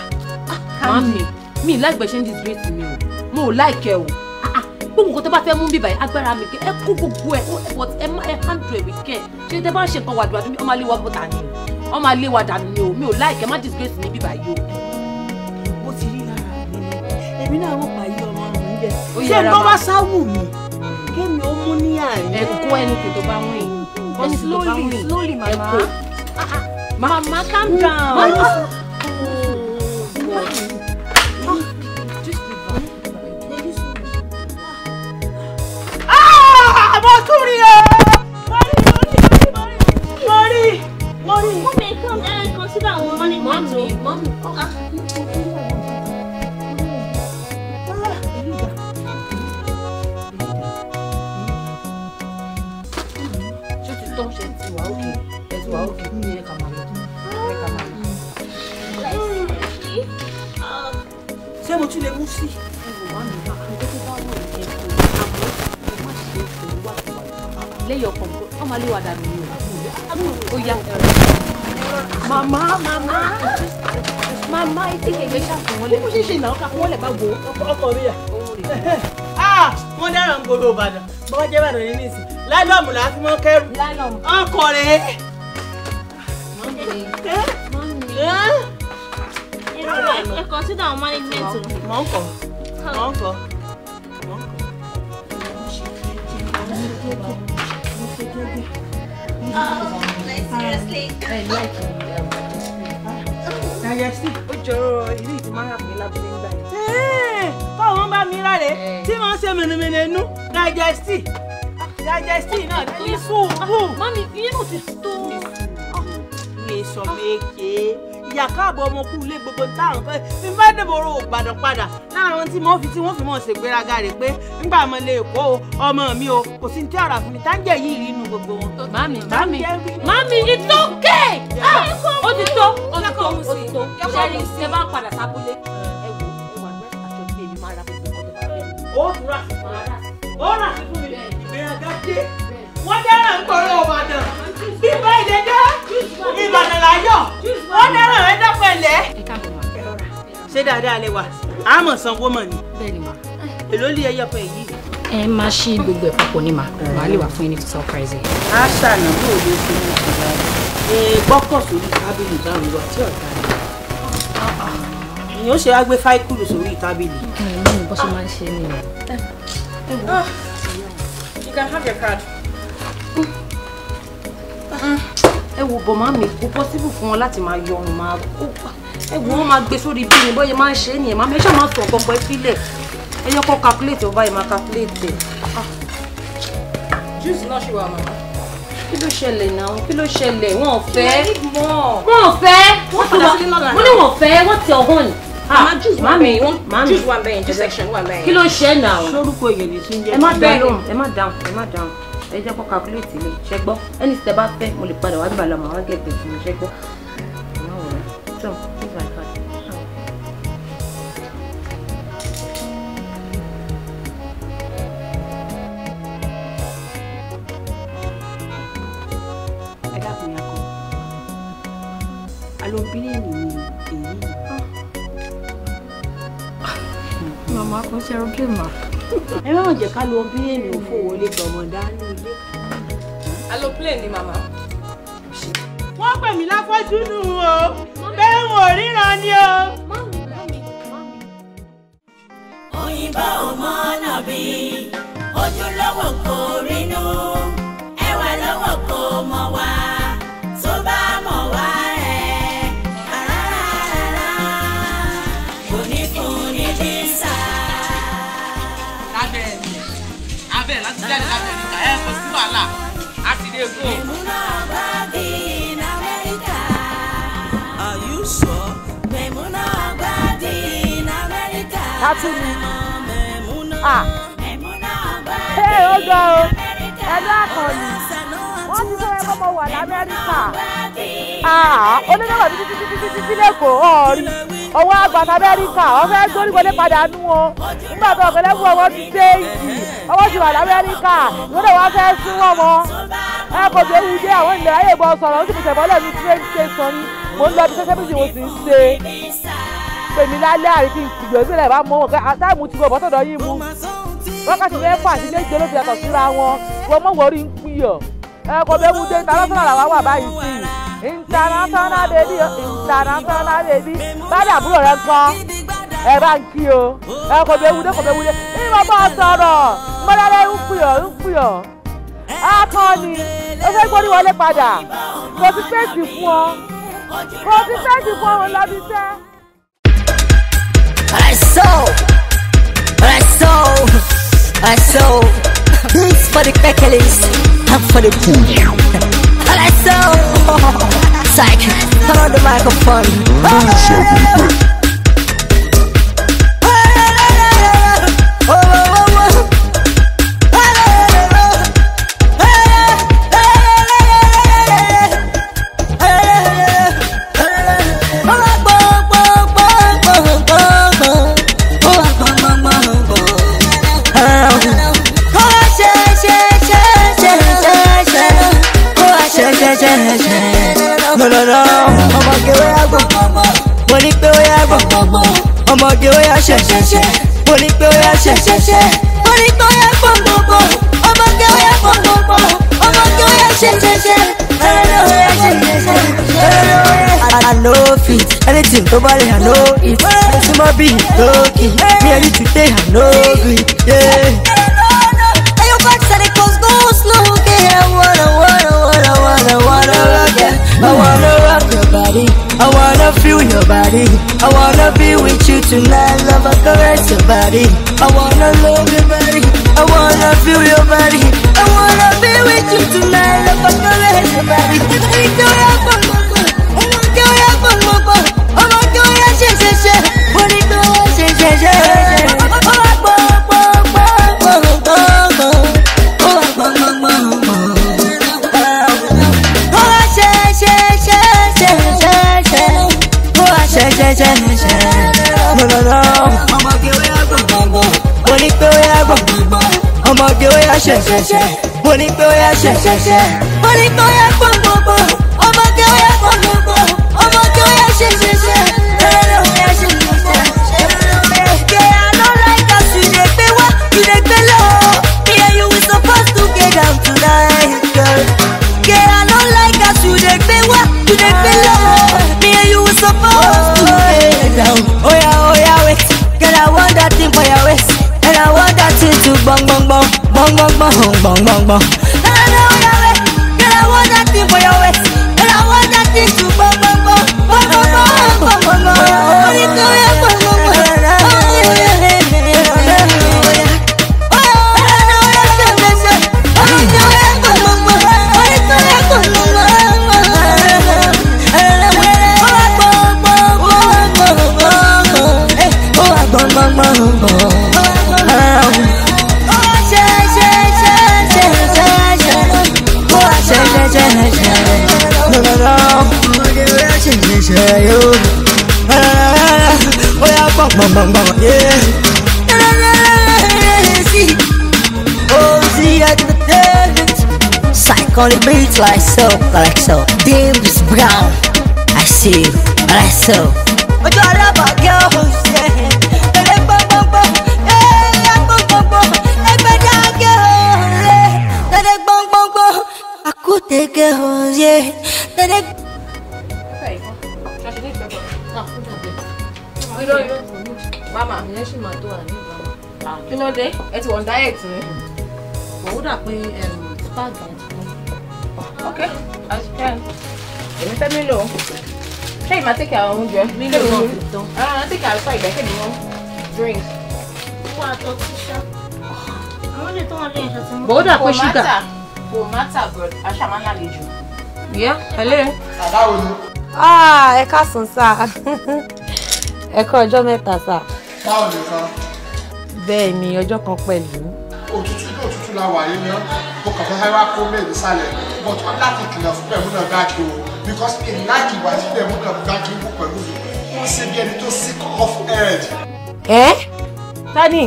mami mi láìpẹ́ ṣe ń disgrace mi o mo ò láìkẹ́ o ah, ah. gbogbo nǹkan tó bá fẹ́ mú bíbá yìí agbára mi kí ẹ kó gbogbo ẹ ẹ handle ẹ with care ṣé tẹ bá ń ṣe nǹkan wàdùwàdù ọmọ alẹ́ wọ́pọ̀ tà ni wọ́n máa lé wa dànù ni o mi ò láìkẹ́ má disgrace mi bíbá yìí o. mo ti rí lára mi èmi náà wọ́n pa iye ọmọ mi jẹ ṣé n bọ́ wá sáwù mi kémi ó mú ní àná. ẹ̀kọ́ ẹni kò tó bá wù yín. slowly slowly mama. Ah, ah. mama calm down. tó ń ṣe ti wà òkè ẹ ti wà òkè nínú ẹ kà máa lọ ẹ kà máa lọ. ṣé mo tún lè mú sí. lẹ́yìn ọkọ̀ ọ máa lé wa dànù ni o ó yá. màmá màmá màmá etí kẹ̀kẹ́ ṣàfihàn. bí mo ṣe ṣe ìnáwó ká láìlọ́ọ̀mù láti mọ́ kẹ́rù. láìlọ́ọ̀mù. ọkọ rẹ̀. Eh? Eh? ẹ consider our management. mọ̀ ń kọ́ mọ̀ ń kọ́. Oh, like seriously. I like it. Now you see, Ojoro, you need to marry me, love me, báwo wọn bá mi rárẹ eh. tí wọn ṣe mẹnumẹnu digestive digestive náà ní sùúrù. Ah, mami ìyẹn ti tó. mi sọ méje ìyá káàbọ̀ ọmọkú ilé gbogbo táwọn fẹ́ fi fẹ́ dèbòrò ògbàdàn padà lára àwọn tí wọ́n fi tí wọ́n fi mọ̀ ṣe gbéraga rè pé nígbà ọmọ ilé èkó o mi o kò sí tí ọ̀rà fún mi táǹjẹ̀ yìí rí inú gbogbo wọn. mami mami mami it's okay ah! ah! ó ti tó ó ti tó ó ti tó ṣẹ́ni ṣe bá ń padà sábúlé ẹ wò ẹ wà bẹ́ẹ̀ aṣọ bíi èmi ra gbogbo ọ̀dọ̀ ó rà sí fún mi ó rà sí mi. Ìbàdàn wọ́n dáràn ń kọrọ Ìbàdàn bíbá ìdè Ìbàdàn láyọ̀ wọ́n dáràn ẹ dọ́pọ̀ ẹ̀lẹ́. ṣé dáadáa lè wà àmọ̀ sanwó mọ̀ ni. èló lè ẹyọ pẹ̀ yìí. ẹ má ṣí gbogbo ẹ̀ papọ̀ ni ma wàá lè wà fún yín ní surprise. a ṣàlàyé òde fún mi ìgbà rẹ̀ gbọ́kọ̀ sórí tábìlì báwo lọ tí ọ̀gá rẹ̀ èèyàn ó ṣe wá gbé fáìkúlù sórí tábìlì. ẹ mú mi ṣe máa ń ṣe nìyẹn. You can have your card. Ẹ wo bọ̀ mami, kò possible fún wọn láti máa yọ ọrùn máa kó pa. Ẹ wo wọn máa gbé sórí bí ni bọ́yẹ máa ń ṣe é nìyẹn. Mami ẹ ṣáà máa sọ ọ̀kan pẹ́ sílẹ̀. Ẹ yọ kọ́ calculate ọba yìí máa calculate ẹ̀. Ah. Juice náà ṣì wà màmá. Kí ló ṣẹlẹ̀ náà? Kí ló ṣẹlẹ̀? Wọ́n fẹ́. Wọ́n fẹ́. Wọ́n tẹ ọ̀hún ni. Ah, màmá juice wà bẹ́yìn wọ́n juice wà bẹ́yìn section wà bẹ́yìn. kí ló ṣe é náà. lórúkọ ìyẹ̀lì tí ń jẹ́ ẹ má dáhùn ẹ má dáhùn ẹ má dáhùn ẹ jẹ́ kó calculate mi ṣe gbọ́ ẹni tẹ bá fẹ́ mo lè padà wá bí balọ̀ màá wá gẹ̀ẹ́dẹ̀ fún mi ṣe gbọ́. ó ṣe aeroplane mà. ẹ má jẹ́ ká lọ bí èmi ò fowó lè gbọ̀mọ̀ dání ilé. aeroplane ni màmá. wọ́n pè mí láfọ́jú nù o bẹ́ẹ̀ n ò ríran ni o. òyìnbó ọmọ nàbí ojú kò rínú ẹwà lọ́wọ́ kò mọ̀ wá. tú mi. ṣé ó gbọ́ o ẹgbẹ́ àkànlù wọ́n ti sọ ẹgbẹ́ ọmọ wà lamẹ́ríkà onídàbọ̀ títí títí títí títí lẹ́kọ̀ọ́ ọ̀rí ọwọ́ àgbà lamẹ́ríkà ọ̀fẹ́ gbórígbólé padà nú wọn nígbà tó ọ̀gẹ́lẹ́gbù ọwọ́ ti dé ìdì ọwọ́ ti wà lamẹ́ríkà ìwọ́dọ̀ wọn fẹ́ sún wọn mọ́ ẹ kò tó ewu dé àwọn ilẹ̀ ayé ìbọn sọ̀rọ̀ ó sì fi tẹ̀bọ́lẹ̀ mi tí ó ń ṣe sọ ni mò ń lọ bí sẹ́sẹ́ bí sì mo sì ń ṣe pèmí lálẹ́ àríkí ìgbìyànjú sílẹ̀ bá mọ́ wọn pé àtàìmù ti gbọ́ bọ́tọ̀dọ̀ yìí mu wákàtí mẹ́fà sí méje ló fi yàtọ̀ síra wọn wọ́n mọ̀ wọ́rí ń piyọ̀ ẹ̀kọ́ bẹ́ẹ̀ mú dé international làwọn wà báyìí sí i international baby international baby bàdà àbúrò rẹ̀ gan ẹ̀ bá ń kí o ẹ̀kọ́ bẹ́ẹ̀ mú dé kọ́ bẹ́ẹ̀ mú dé ní mo bá sọ̀rọ̀ mọ́lẹ́lẹ́ ń piyọ̀ ń piyọ̀ akọni ó fẹ́ gbórí wọlé padà kò sí fẹ́ẹ̀sì fún ọ kò sí fẹ́ẹ̀sì fún ọ lọ́bí sẹ́ẹ́. I saw, I saw, I saw. This for the crackles, I'm for the cool. I saw, psych, I'm on the microphone. Oh. che, che, che. No, no, no. Ọmọ gé ó yá gbọ̀n. Mo ní pé ó yá gbọ̀n. Ọmọ gé ó yá ṣe. Mo ní pé ó yá ṣe. Mo ní pé ó yá gbọ̀n gbọ̀n. Ọmọ gé ó yá gbọ̀n gbọ̀n. Ọmọ gé ó yá ṣe. Ẹrẹ́ ó I know fit anything tó bá lè I know it. Mo sì mọ bí ìlókì. Mi ẹni tù dé I know it. Ẹyọ kọ́ọ̀tì sẹ́ni kò go slow kí ẹ wọ́n lọ. I wanna rock ya. I wanna rock your body. I wanna feel your body. I wanna be with you tonight, love. I caress your body. I wanna love your body. I wanna feel your body. I wanna be with you tonight, love. I caress your body. Yeah. ẹ̀ṣẹ̀ ẹ̀ṣẹ̀ lọ́lọ́lọ́. ọmọge ó yá gbọ̀ngbọ̀ngbọ̀ mo ní pé ó yá gbọ̀ngbọ̀ngbọ̀ ọmọge ó yá ṣẹ̀ṣẹ̀ṣẹ̀ mo ní pé ó yá ṣẹ̀ṣẹ̀ṣẹ̀ mo ní pé ó yá gbọ̀ngbọ̀ngbọ̀ ọmọge ó yá gbọ̀ngbọ̀ngbọ̀ ọmọge ó yá ṣẹ̀ṣẹ̀ṣẹ̀ lọ́lọ́lọ́ ó yá ṣẹ̀ṣẹ̀ṣẹ̀ lọ́lọ́lọ́. bong bong bong bang bang bang bang yeah. Psychotic beats like so, like so. Dim is brown. I see you, like máa tó àní ìgbà kí ló dé ẹ ti wọ̀n diet ni. òwú dà pé báàgì ẹ ti kún. ok as can èmi fẹ́ mi lò ó ṣé ìmá drinks. Ah, wọ́n àtọ́ tí ṣá àwọn ilé tó wọn lé ìṣẹ́ tí mo. bòódà pé ṣúgà. kò má tà bọ̀ àṣà máa ń lálejò. báwo nìkan. bẹ́ẹ̀ ni ọjọ́ kan pẹ̀lú. òtútù ní òtútù la wà yín ná mo kàn fẹ́ wá kó mé ìsàlẹ̀ but wọ́n láti kìlọ̀ fún pẹ̀lú náà gbáàkì o because in láti ìwà tí pẹ̀lú náà gbáàkì wù pẹ̀lú mi ó sì bí ẹni tó sick of head. ẹ tani.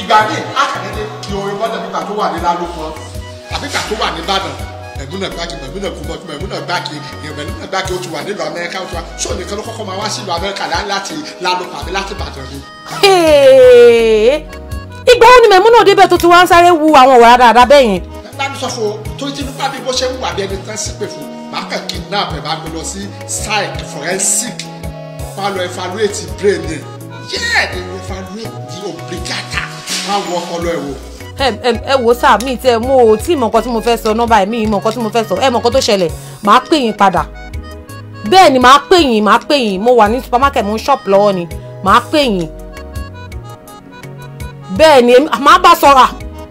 ìgbà míì akàdédé kí orin mọ́tò pípa tó wà ní lálùkọ àbíkà tó wà ní Ìbàdàn mẹ̀múnà gbági mẹ̀múnà kúbọ̀tù mẹ̀múnà gbági mẹ̀múnà gbági ó ti wà nílùú amẹ́ríkà ó ti wà sóò nìkan ló kọ́kọ́ máa wá sílùú amẹ́ríkà láti lálùpà mi láti bàdàn mi. ìgbà wo ni mẹ̀múnà débẹ̀ tó ti wá ń sáré wu àwọn ọ̀rọ̀ dáadáa bẹ́ẹ̀ yẹn. bá sọ fún o tó nípa bí bó ṣe ń wà bí ẹni tán sí psych forensic bá lọ evaluate ẹ wò sáà mi tẹ mo ò tí mọ̀ nǹkan tí mo fẹ́ sọ nọ́mbà ẹ̀ mi mọ̀ nǹkan tí mo fẹ́ sọ ẹ mọ̀ nǹkan tó ṣẹlẹ̀ màá pè yín padà bẹ́ẹ̀ ni màá pè yín màá pè yín mo wà ní supermarket mo ń ṣọ́ọ̀pù lọ́wọ́ ni màá pè yín bẹ́ẹ̀ ni màá bá sọ̀rọ̀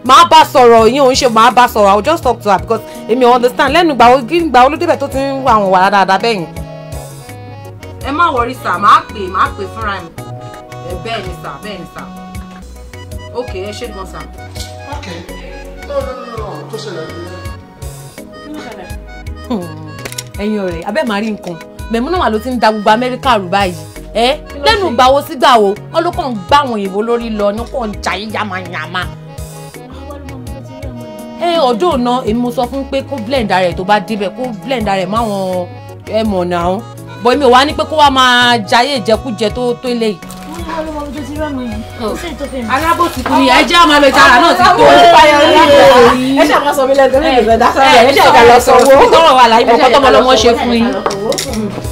màá bá sọ̀rọ̀ yín òun ṣe màá bá sọ̀rọ̀ i will just talk to her because èmi ò understand lẹ́nu gbà gbà olódébẹ̀ tó ti ń wà àwọn wàrà dáadáa bẹ́ẹ̀ yẹn. ẹ má wọrí sà màá pè màá pè fúnra mi bẹ́ẹ̀ ni sà bẹ́ẹ̀ ni sà ok ẹ ṣe gan sà. Okay. No, no, no, no. Tó ṣẹlẹ̀ ní. Kí ló ṣẹlẹ̀? Ẹ̀yin ọ̀rẹ́, abẹ́ màá rí nǹkan. Mẹ̀mú náà ló ti ń da gbogbo Amẹ́ríkà rú báyìí. Ẹ lẹ́nu ìgbàwo sígbà wo, wọ́n ló kàn ń gbá àwọn òyìnbó lórí lọ, ní kò ń jayé yamayama. Ẹ ọ̀dọ́ náà èmi mo sọ fún pé kó blend ara ẹ̀ tó bá débẹ̀ kó blend ara ẹ̀ máwọn ẹ̀mọ̀ náà. Bọ̀ èmi ò wá ní pé kó wá máa jayé ìjẹkújẹ tó tó eléyìí. Oh. alábòsí kùnì eh, ẹ jẹ́ ọmọ ẹgbẹ́ tara náà ti tó ẹ ṣe àwọn sọmi lẹ́gbẹ̀ẹ́ lẹ́gbẹ̀ẹ́ dá sọ́dọ̀ ẹ ṣe àwọn lọ sọ́wọ́ ẹ ṣe àwọn lọ sọ́wọ́ tọrọ wà láyé mọ́kọ́ tọmọlọmọ ṣe fún yín. Mm.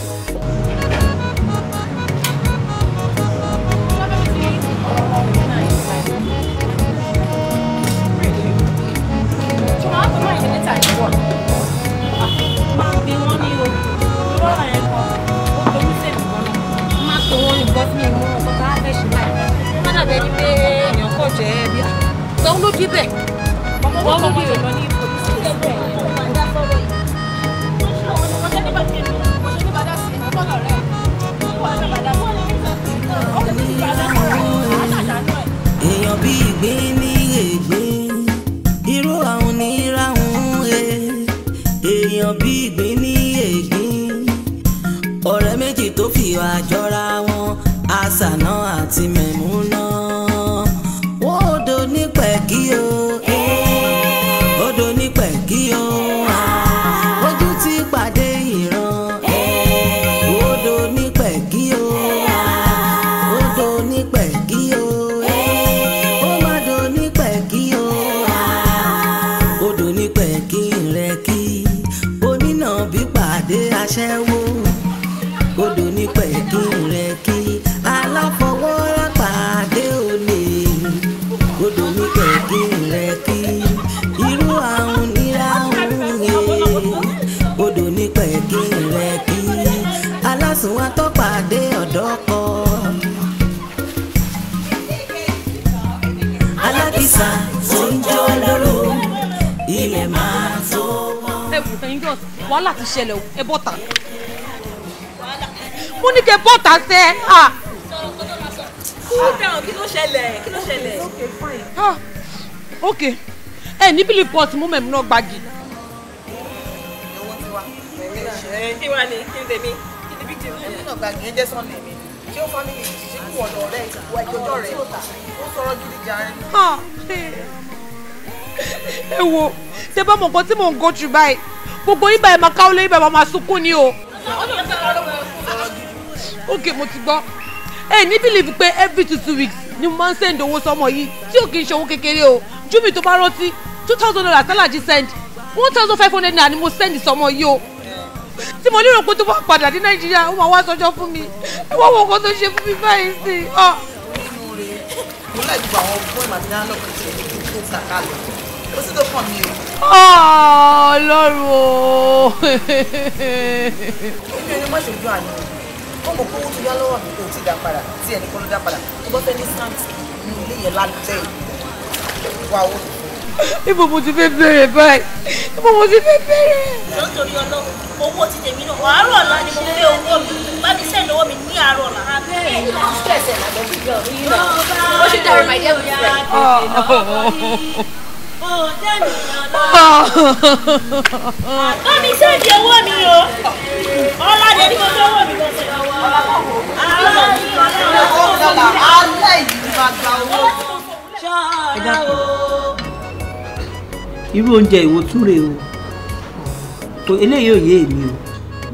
ẹ wò ẹ̀yin yọ wàhálà ti ṣẹlẹ̀ o ẹ bọ́ta mo ní kẹ bọ́ta sẹ́ à. cool down kí ló ṣẹlẹ̀ kí ló ṣẹlẹ̀. ok ẹ ní bílí pọ́ọ̀tì mú mẹ́mí náà gbági. kí wàá ní kí n tèmi kí ni bí tèmi. ẹ̀mí náà gbági ẹ jẹ́ sọ́ọ̀nù mi ṣé ó fámìlì ṣé kú ọ̀dọ̀ rẹ̀ ìwà ìjọjọ́ rẹ̀ ó sọ̀rọ̀ gidi jàre ẹ wo ṣe bá mọ nǹkan tí mò ń go jù báyìí gbogbo ibà ẹ máa káwọ́ lé ibà ẹ máa sunkún ni o. ok mo ti gbọ́ ẹ ní bílíìfù pé every two two weeks ni mo máa ń send owó sọmọ yìí tí ò kì í ṣe owó kékeré o júmi tó bá rántí two thousand naira sálàjì send one thousand five hundred naira ni mo send sọmọ yìí o tí mo lérò pé tó bá padà dé nàìjíríà ó máa wá sọjọ́ fún mi ẹ wá wọ nǹkan tó ṣe fún mi báyìí sí ah. i. mo láì gba àwọn fún ìmàdínlá lọ́kàn tí ó kò sí tó kàn mí o. Ah, ọlọ́run o. èmi ò ní má ṣe ju àná o mọ̀ kówó tó yá lọ́wọ́ mi kò tí ì dá padà tí ẹnì kan ló dá padà tó bá fẹ́ ní stamps ní ilé yẹn lálẹ́ wà ó. ibo mo ti fẹ́ bẹ̀rẹ̀ báyìí ibo mo ti fẹ́ bẹ̀rẹ̀. lọ́tọ̀rí ọlọ́run owó ti tèmi náà àárọ̀ ọ̀la ni mo fẹ́ owó mi bá mi sẹ́ẹ̀ lọ́wọ́ mi ní àárọ̀ ọ̀la. abẹ́rẹ́ ìlú ọ̀sẹ̀ ẹ̀sẹ̀ làgbẹ́ fi jọ orí náà ó ṣe dàrú máa jẹ́ òun rẹ̀ ó dẹ́nìyàn lọ. àgọ́ mi ṣèjì owó mi o ọlọ́dẹ ní mo fẹ́ owó mi lọ́sẹ̀. àlọ́ mi ọlọ́dẹ alẹ́ yìí máa gba owó. ṣọ́ra o. irú oúnjẹ ìwo tún rèé o tó eléyìí ò yé èmi o.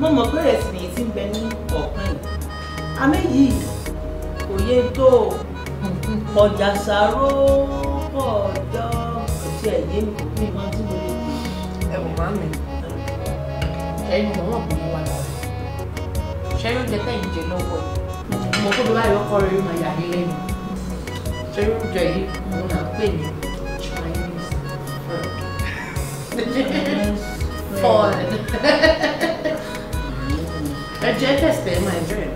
mo mọ̀ pé rẹ̀ sì nìyí tí ń bẹ ní ọ̀pẹ́ yìí àmì yìí kò yé tó ọjà ṣàrò ọjọ́ ti ẹ̀ yé mi kò fún ìmọ̀ tí mo lè fi ẹ̀wọ̀n máa mi. ṣẹ́yìn mo mọ̀ pé mo wà lára ṣẹ́yìn oúnjẹ tẹ̀yìn báyìí ọkọ rẹ̀ máa yà mí lẹ́nu ṣẹ́yìn oúnjẹ yìí mo là pè ní Chinese food. ẹ̀jẹ̀ tẹ̀sítẹ̀ máa ń jẹ́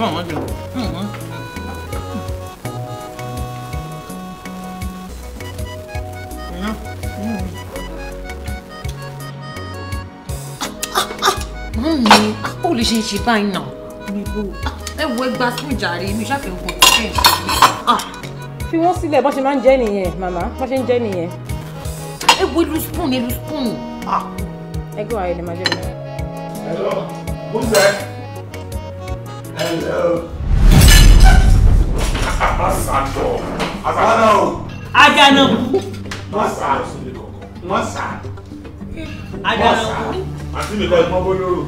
Bom, olha. Uhum. Mami, ó lè ṣe ṣe báyìí náà. Níbo? Ẹ wo ẹgbà fún ìjàre mi ṣàfihàn ogun kò se ṣe. Fi wọ́n sílẹ̀ bọ́n ṣe máa ń jẹ́ nìyẹn, màmá. Bọ́n ṣe ń jẹ́ nìyẹn. Ẹ wo ìlú spoon, ìlú spoon. Ah. Ẹ gbọ́ àyẹ̀lẹ̀ máa jẹ́ mi. Hello, who's there? Masado. Masado. Ajana. Masado. Masado. Ajana. Àti mi kọ́ ẹ̀ mọ́ bó lóró.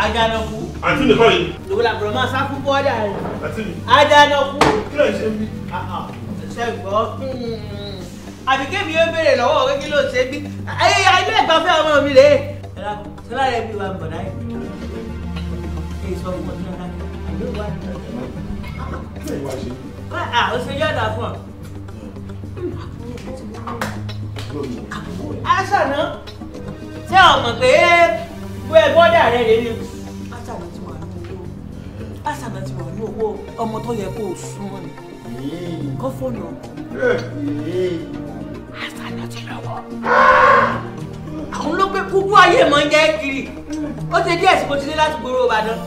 Ajana kú. Àti mi kọ́ yìí. Lòwó làbúrò máa sá fún bọ́ọ̀dà rẹ̀. Àti mi. Ajana kú. Kí ló ń ṣe mí? Ṣé gbọ́? Hmm. Àbí kébì yóò béèrè lọ́wọ́ pé kí ló ṣe bí? Ayé ilé ìgbafẹ́ ọmọ mi rèé. Ṣọlá rẹ̀ bí wa ń bọ̀ dáyé. Ṣé ìsọ̀rọ̀ ìmọ̀ tí wọ́n dá ó ah, ṣe yọ̀dà fún ọ. aṣàná tẹ ọmọ pé bó ẹ bọ́dà rẹ rè ni aṣàná ti wà ní owó aṣàná ti wà ní owó ọmọ tó yẹ kó o súnmọ́ ni kó fóònù aṣàná ti lọ́wọ́ àwọn ló gbé kúkú ayé mọ́ ń jẹ́ kiri ó ṣe díẹ̀ sí kó ti dé láti gbòòrò Ìbàdàn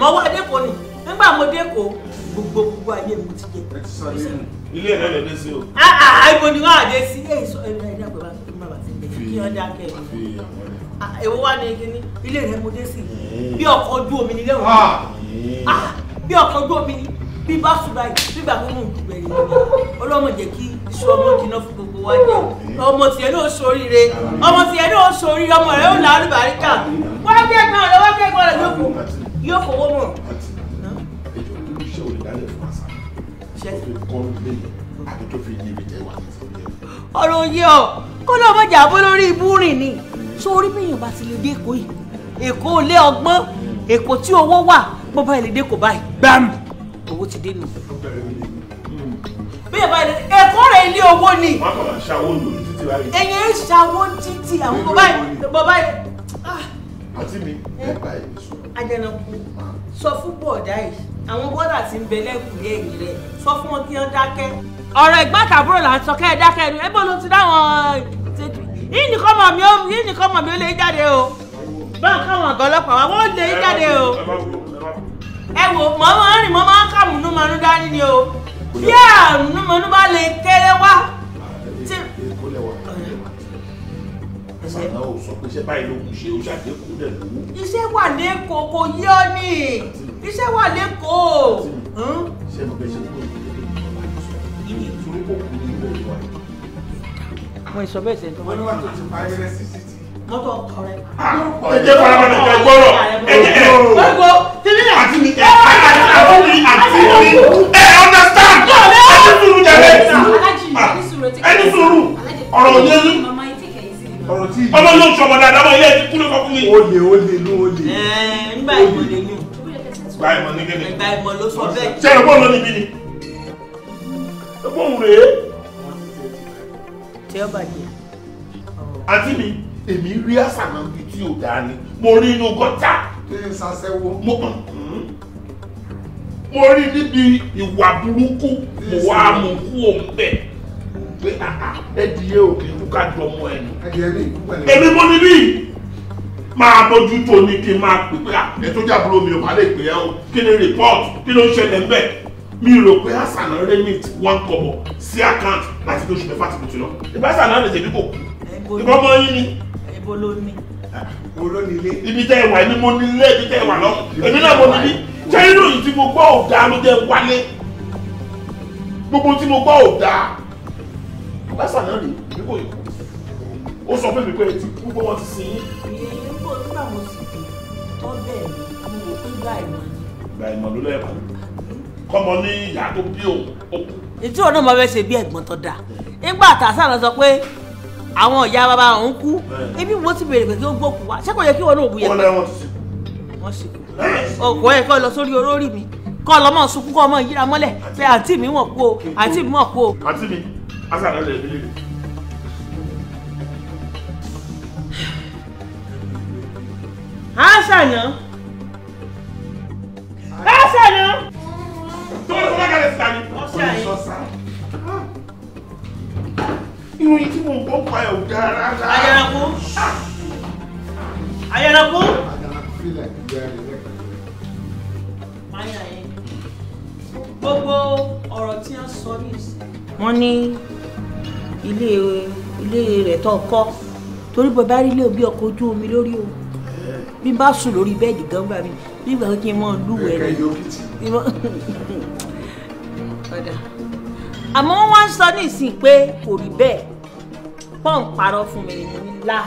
mọ wá adéko ni nígbà mo déko gbogbo gbogbo ayé mo ti jẹ. ilé rẹ lè dé sí o. Ah, ah, ah, ibo ni wọn àdé sí ẹ sọ ẹ ẹ dàgbà bá tó má ti dé kí wọn dá kẹ ẹ èwo wà ní kíní ilé rẹ mo dé sí bí ọkọ ojú omi ni lẹ́wọ̀n bí ọkọ ojú omi ni bí bá ṣùgbọ́n nígbà tó mú ìdúgbẹ́ yìí ọlọ́mọ jẹ́ kí iṣu ọmọ jiná fún gbogbo wa jẹ ọmọ tiẹ̀ náà ṣoríire ọmọ tiẹ̀ náà ṣoríire ọmọ rẹ̀ ó là á lùbáríkà wọ́n kẹ́gbọ́n rẹ̀ wọ́n kẹ́gbọ́n lókun yóò fowó mọ̀. àtijọ́ olùṣẹ́ olùdálẹ̀ fún àṣà ṣe é fi kọ́ lẹ́yìn àti tó fi níbi tẹ́ wà nísìnyẹn. ọ̀rọ̀ yìí ọ̀ kó lọ́ọ́ bá jàbọ́ lórí ibú rìn ni sórí bíyàn bá ti lè dé èkó yìí èkó lé ọgbọ́n èkó tí owó wà bọ́bá ilé dé kò báyìí gbàm owó ti dé nù. bíyàn bá ilé èkó rẹ̀ ilé owó ni. wọn kàn títí àwọn bọ́bá ilé. Ah. àti mi ẹ bá ẹ sùn. Àjànàkú sọ fún bọ̀dá yìí àwọn bọ́dà tí ń bẹ lẹ́kùnlé ẹ̀yìn rẹ̀ sọ fún wọn kí wọ́n dákẹ́. ọ̀rọ̀ ẹ̀gbọ́n àtàbúrò là ń sọ kẹ́ ẹ dákẹ́ ẹnu ẹgbẹ́ ló ti dáwọn yìí nìkan mọ̀ mí ó yìí nìkan mọ̀ mí ó lè jáde o báwọn káwọn àgọ́ ọlọ́pàá wa wọ́n lè jáde o ẹ wò mọ́ máa ń rìn mọ́ máa ń kà múnú mọ́nú dání ni o bí àrùn mọ́nú bá lè kéré wá sànà ò sọ pé iṣẹ́ báyìí ló kù ṣe ó ṣàdékù dẹ̀ lówó. iṣẹ́ wà lẹ́kọ̀ọ́ kò yé ọ ní iṣẹ́ wà lẹ́kọ̀ọ́. ṣé mo bẹ ṣe kúrò ní ìdílé ìdílé ìtúrú kò kú ní ìwé ìwà yìí. wọn ìsọ bẹ́ẹ̀ sẹjọ. wọn ní wàá tó ti parí rẹ sí títì. mọ́tò ọ̀rẹ́. Ah, ẹ jẹ́ farabalẹ̀ kẹ́ gbọ́rọ̀ ẹ jẹ́ ẹ. gbogbo tìbí náà. àti mi ẹ àti mi àti mi ẹ understand. ẹ ní sùúrù jẹ ah, ẹni sùúrù ọ̀rọ̀ yẹn ọmọ yóò sọmọ dáadáa ilé ẹ ti kú mi. o lè o lè nígbà ìmọ̀ lè lu. gba ìmọ̀ ní kíni. gba ìmọ̀ ló sọ bẹ́ẹ̀. ṣé ẹ̀rọ bọ́ọ̀lù níbí ni. ẹ̀gbọ́n òun rèé. tí ó bàjẹ́. àǹtí mi èmi rí àṣà náà bíi tí ò dáa ni mo rí inú gọ́tà. kí n ṣàṣẹ́wó. mo kàn mm, mm. mo rí níbi ìwà burúkú mo wá mú kú òun bẹ́ẹ̀ pé ẹdìyẹ òkè kú ká jọ ọmọ ẹ nù. èmi mo ní bí máa bójú tó ní kí n máa pè pé ẹ tó jábúrò mi ò má lè pè ẹ o kí ni report kí ló ń ṣẹlẹ̀ ń bẹ̀ mi rò pé àṣànà remit one kọ́bọ̀ sí account láti lóṣù mẹ́fà tí mo ti lọ ìbáṣànà rẹ̀ ṣèbí kò kú ìbọn mọ́ yín ni. ibo ló ní ibi tẹ wà ní mo nílé ibi tẹ wà lọ èmi náà mo níbí tẹ inú yìí tí mo gbọ́ ò dáa ló jẹ́ wálé gbogbo tí mo gbọ́ ò dáa lásán náà rèé nígbò yìí ó sọ fún mi pé ti kú pé wọ́n ti sin yín. ìyẹn ń bò nígbà mo sì dé tọ́ bẹ́ẹ̀ ni mo rò pé gba ìmọ̀ ni. gba ìmọ̀ ló lẹ́ẹ̀mọ́ kọ́mọ ní ìyá tó bí òun ó kú. ètò ọ̀nà máa fẹ́ ṣe bí ẹ̀gbọ́n tó dáa nígbà tàṣà náà sọ pé àwọn ìyá bàbá òun kú ebi mo ti bèrè pé kí ó gbókùn wá ṣé kò yẹ kí wọn náà bu yẹn. wọ́n lẹ́wọ̀n ti sìn wọ́n ṣe kú. ọkọ ẹ kọ́ lọ sórí olórí mi kọ́ lọ́mọ sunkún kọ́ ọmọ yíra mọ́lẹ̀ pé àǹtí mi wọ̀n kú o àǹtí mi wọ̀n kú o. àǹtí mi Asa na le bili. Asa na. Asa na. Tó ló fọwọ́ kálẹ̀ síta ni. Ọ̀sẹ̀ yìí. Ọ̀sẹ̀ yìí. Irun yìí tí mo gbọ́ pa ẹ̀ ò dára rárá. Ayẹ̀rẹ̀kú. Ah. Ayẹ̀rẹ̀kú. Ayẹ̀rẹ̀kú Gbogbo ọ̀rọ̀ tí wọ́n sọ ní Wọ́n ní ilé ilé rẹ̀ tó kọ́ torí bó bá rí ilé òbí ọkọ̀ ojú omi lórí o bí n bá sùn lórí bẹ́ẹ̀dì gan gbà mí nígbà tó kí n mọ lúwẹ̀ẹ́ ni àmọ́ wọ́n wá ń sọ ní ìsìn pé kò rí bẹ́ẹ̀ pọ́ǹ parọ́ fún mi nínú ńlá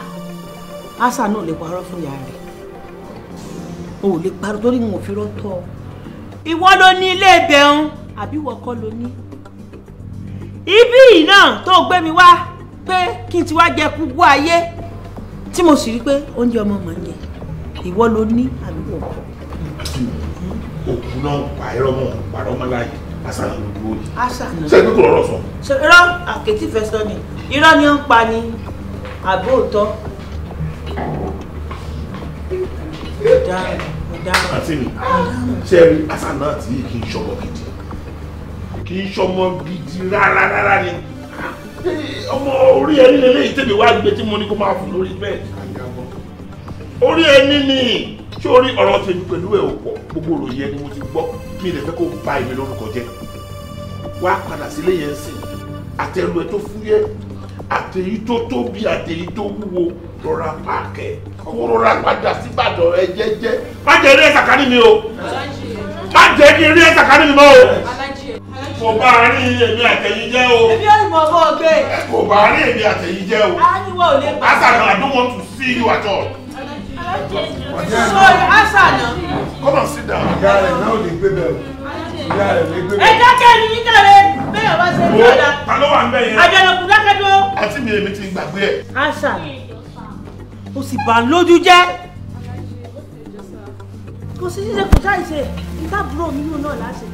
ásà náà lè parọ́ fún ìyá rẹ̀ o ò lè parọ́ torí n ò fi rọ́ tọ́ ìwọ ló ní ilé ìbẹ̀rùn àbí ìwọ kọ́ ló ní ibí yìí náà tó gbé mi wá pé kí n ti wá jẹ kúkú ayé tí mo sì rí pé oúnjẹ ọmọ mọ̀ ń jẹ ìwọ ló ní àbúrò. òkú náà pa ẹ̀rọ mọ̀ pàrọ̀ ọmọ láàyè àṣà náà ló dúró yìí. àṣà náà ṣe kíkọ ọ̀rọ̀ sọ. irọ́ àkẹ́tì fẹ́ sọ ni irọ́ ni ó ń pa ni àbó òótọ́. ọ̀daràn ọ̀daràn. àti mi ṣe àṣà náà tí kì í ṣọ̀bọ̀ gidi kì í ṣọmọ gidi rárá rárá ni ọmọ orí ẹni lélẹ́yìí tèmi wá gbé tí mo ní kó máa fún lórí bẹ́ẹ̀ orí ẹni ni ṣé orí ọ̀rọ̀ tèmi pẹ̀lú ẹ̀ ò pọ̀ gbogbo òròyìn ẹni mo ti gbọ́ mi lè fẹ́ kó ba èmi lórúkọ jẹ́ wá padà sílé yẹn sìn àtẹrù ẹ tó fúyẹ́ àtẹ̀yí tó tóbi àtẹ̀yí tó wúwo rọra páàkẹ́ kó rọra padà síbàdàn ẹ jẹ́jẹ́ má jẹ́ eré ẹ̀ mi o má jẹ́ eré ẹ̀ sàkánì mi mọ́ o kò bá a ní èmi àtẹ̀yìn jẹ́ o. èmi ò mọ̀ bọ́ gbé. kò bá a ní èmi àtẹ̀yìn jẹ́ o. a ní wọ́n ò lè pa. asana I don't want to see you at all. sorry asana. come and sit down. ìyá rẹ̀ náà ò lè gbé bẹ́ẹ̀ o. ìyá rẹ̀ ò lè gbé bẹ́ẹ̀. ẹ dákẹ́ ẹni yín tẹ̀lé bẹ́ẹ̀ bá ṣe ní ọ̀dà. ta ló wà ń bẹ yẹn. àjọyọ̀ kù dákẹ́dó. àti mi èmi ti gbàgbé ẹ̀. asana o sì bà lójú jẹ́ kò sí ṣíṣe kò sáì ṣe ìtàbùrọ̀ mi náà láṣẹ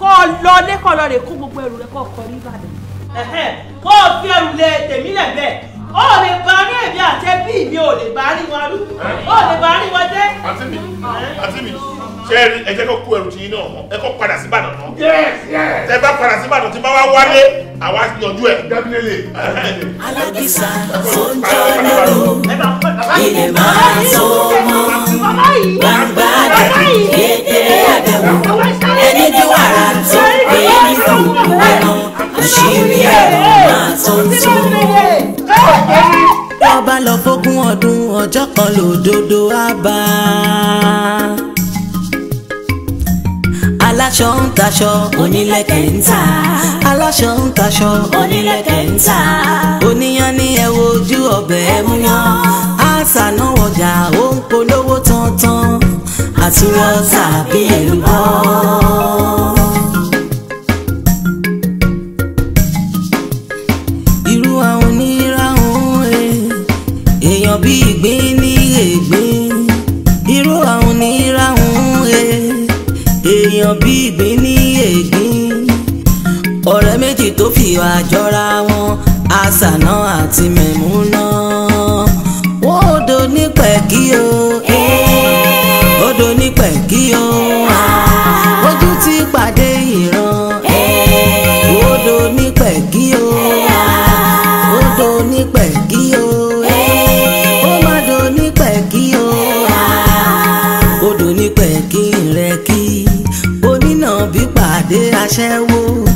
kọ́ lọ lẹ́kọ̀ọ́ lọ rè kó gbogbo ẹrù rẹ kọ́ kọ́ ní Ìbàdàn. kó o fi ẹrù lé tèmi lẹ̀ bẹ́ẹ̀ ó lè bá rí èmi àti ẹbí mi ò lè bá rí wọn rú ó lè bá rí wọn dé. àti mi àti mi ṣé ẹ jẹ́ kó kú ẹrù tí yín náà mọ́ ẹ kó padà sí Ìbàdàn náà. tẹ bá padà sí Ìbàdàn tí bá wá wálé àwa yanjú ẹ. alákìsà tó ń lóru ilé máa tó mọ́ gbàgbà kéde àbẹ̀wò ẹni bí wàrà tó èyí ní kòkó ẹnu àṣírí ẹ̀rọ máa tó tó. ọba lọ fógún ọdún ọjọ́ kan lòdodo á bá a aláṣọ ń taṣọ onílẹ̀kẹ̀ ń tà. aláṣọ ń taṣọ onílẹ̀kẹ̀ ń tà. oníyan ní ẹ wojú ọbẹ̀ ẹ múyan. àṣà náà wọjà ó ń polówó tán tán àti wọ́n tàbí ẹ̀lùbọ́. irú àwọn oníràhùn èèyàn bí ìgbín ní ègbín irú àwọn oníràhùn e, èèyàn bí ìgbín ní ègbín ọ̀rẹ́ méjì tó fi àjọra wọn àṣàná àti mẹ̀múná wọ́n ò do nípẹ̀ kí o. aṣẹ́wó.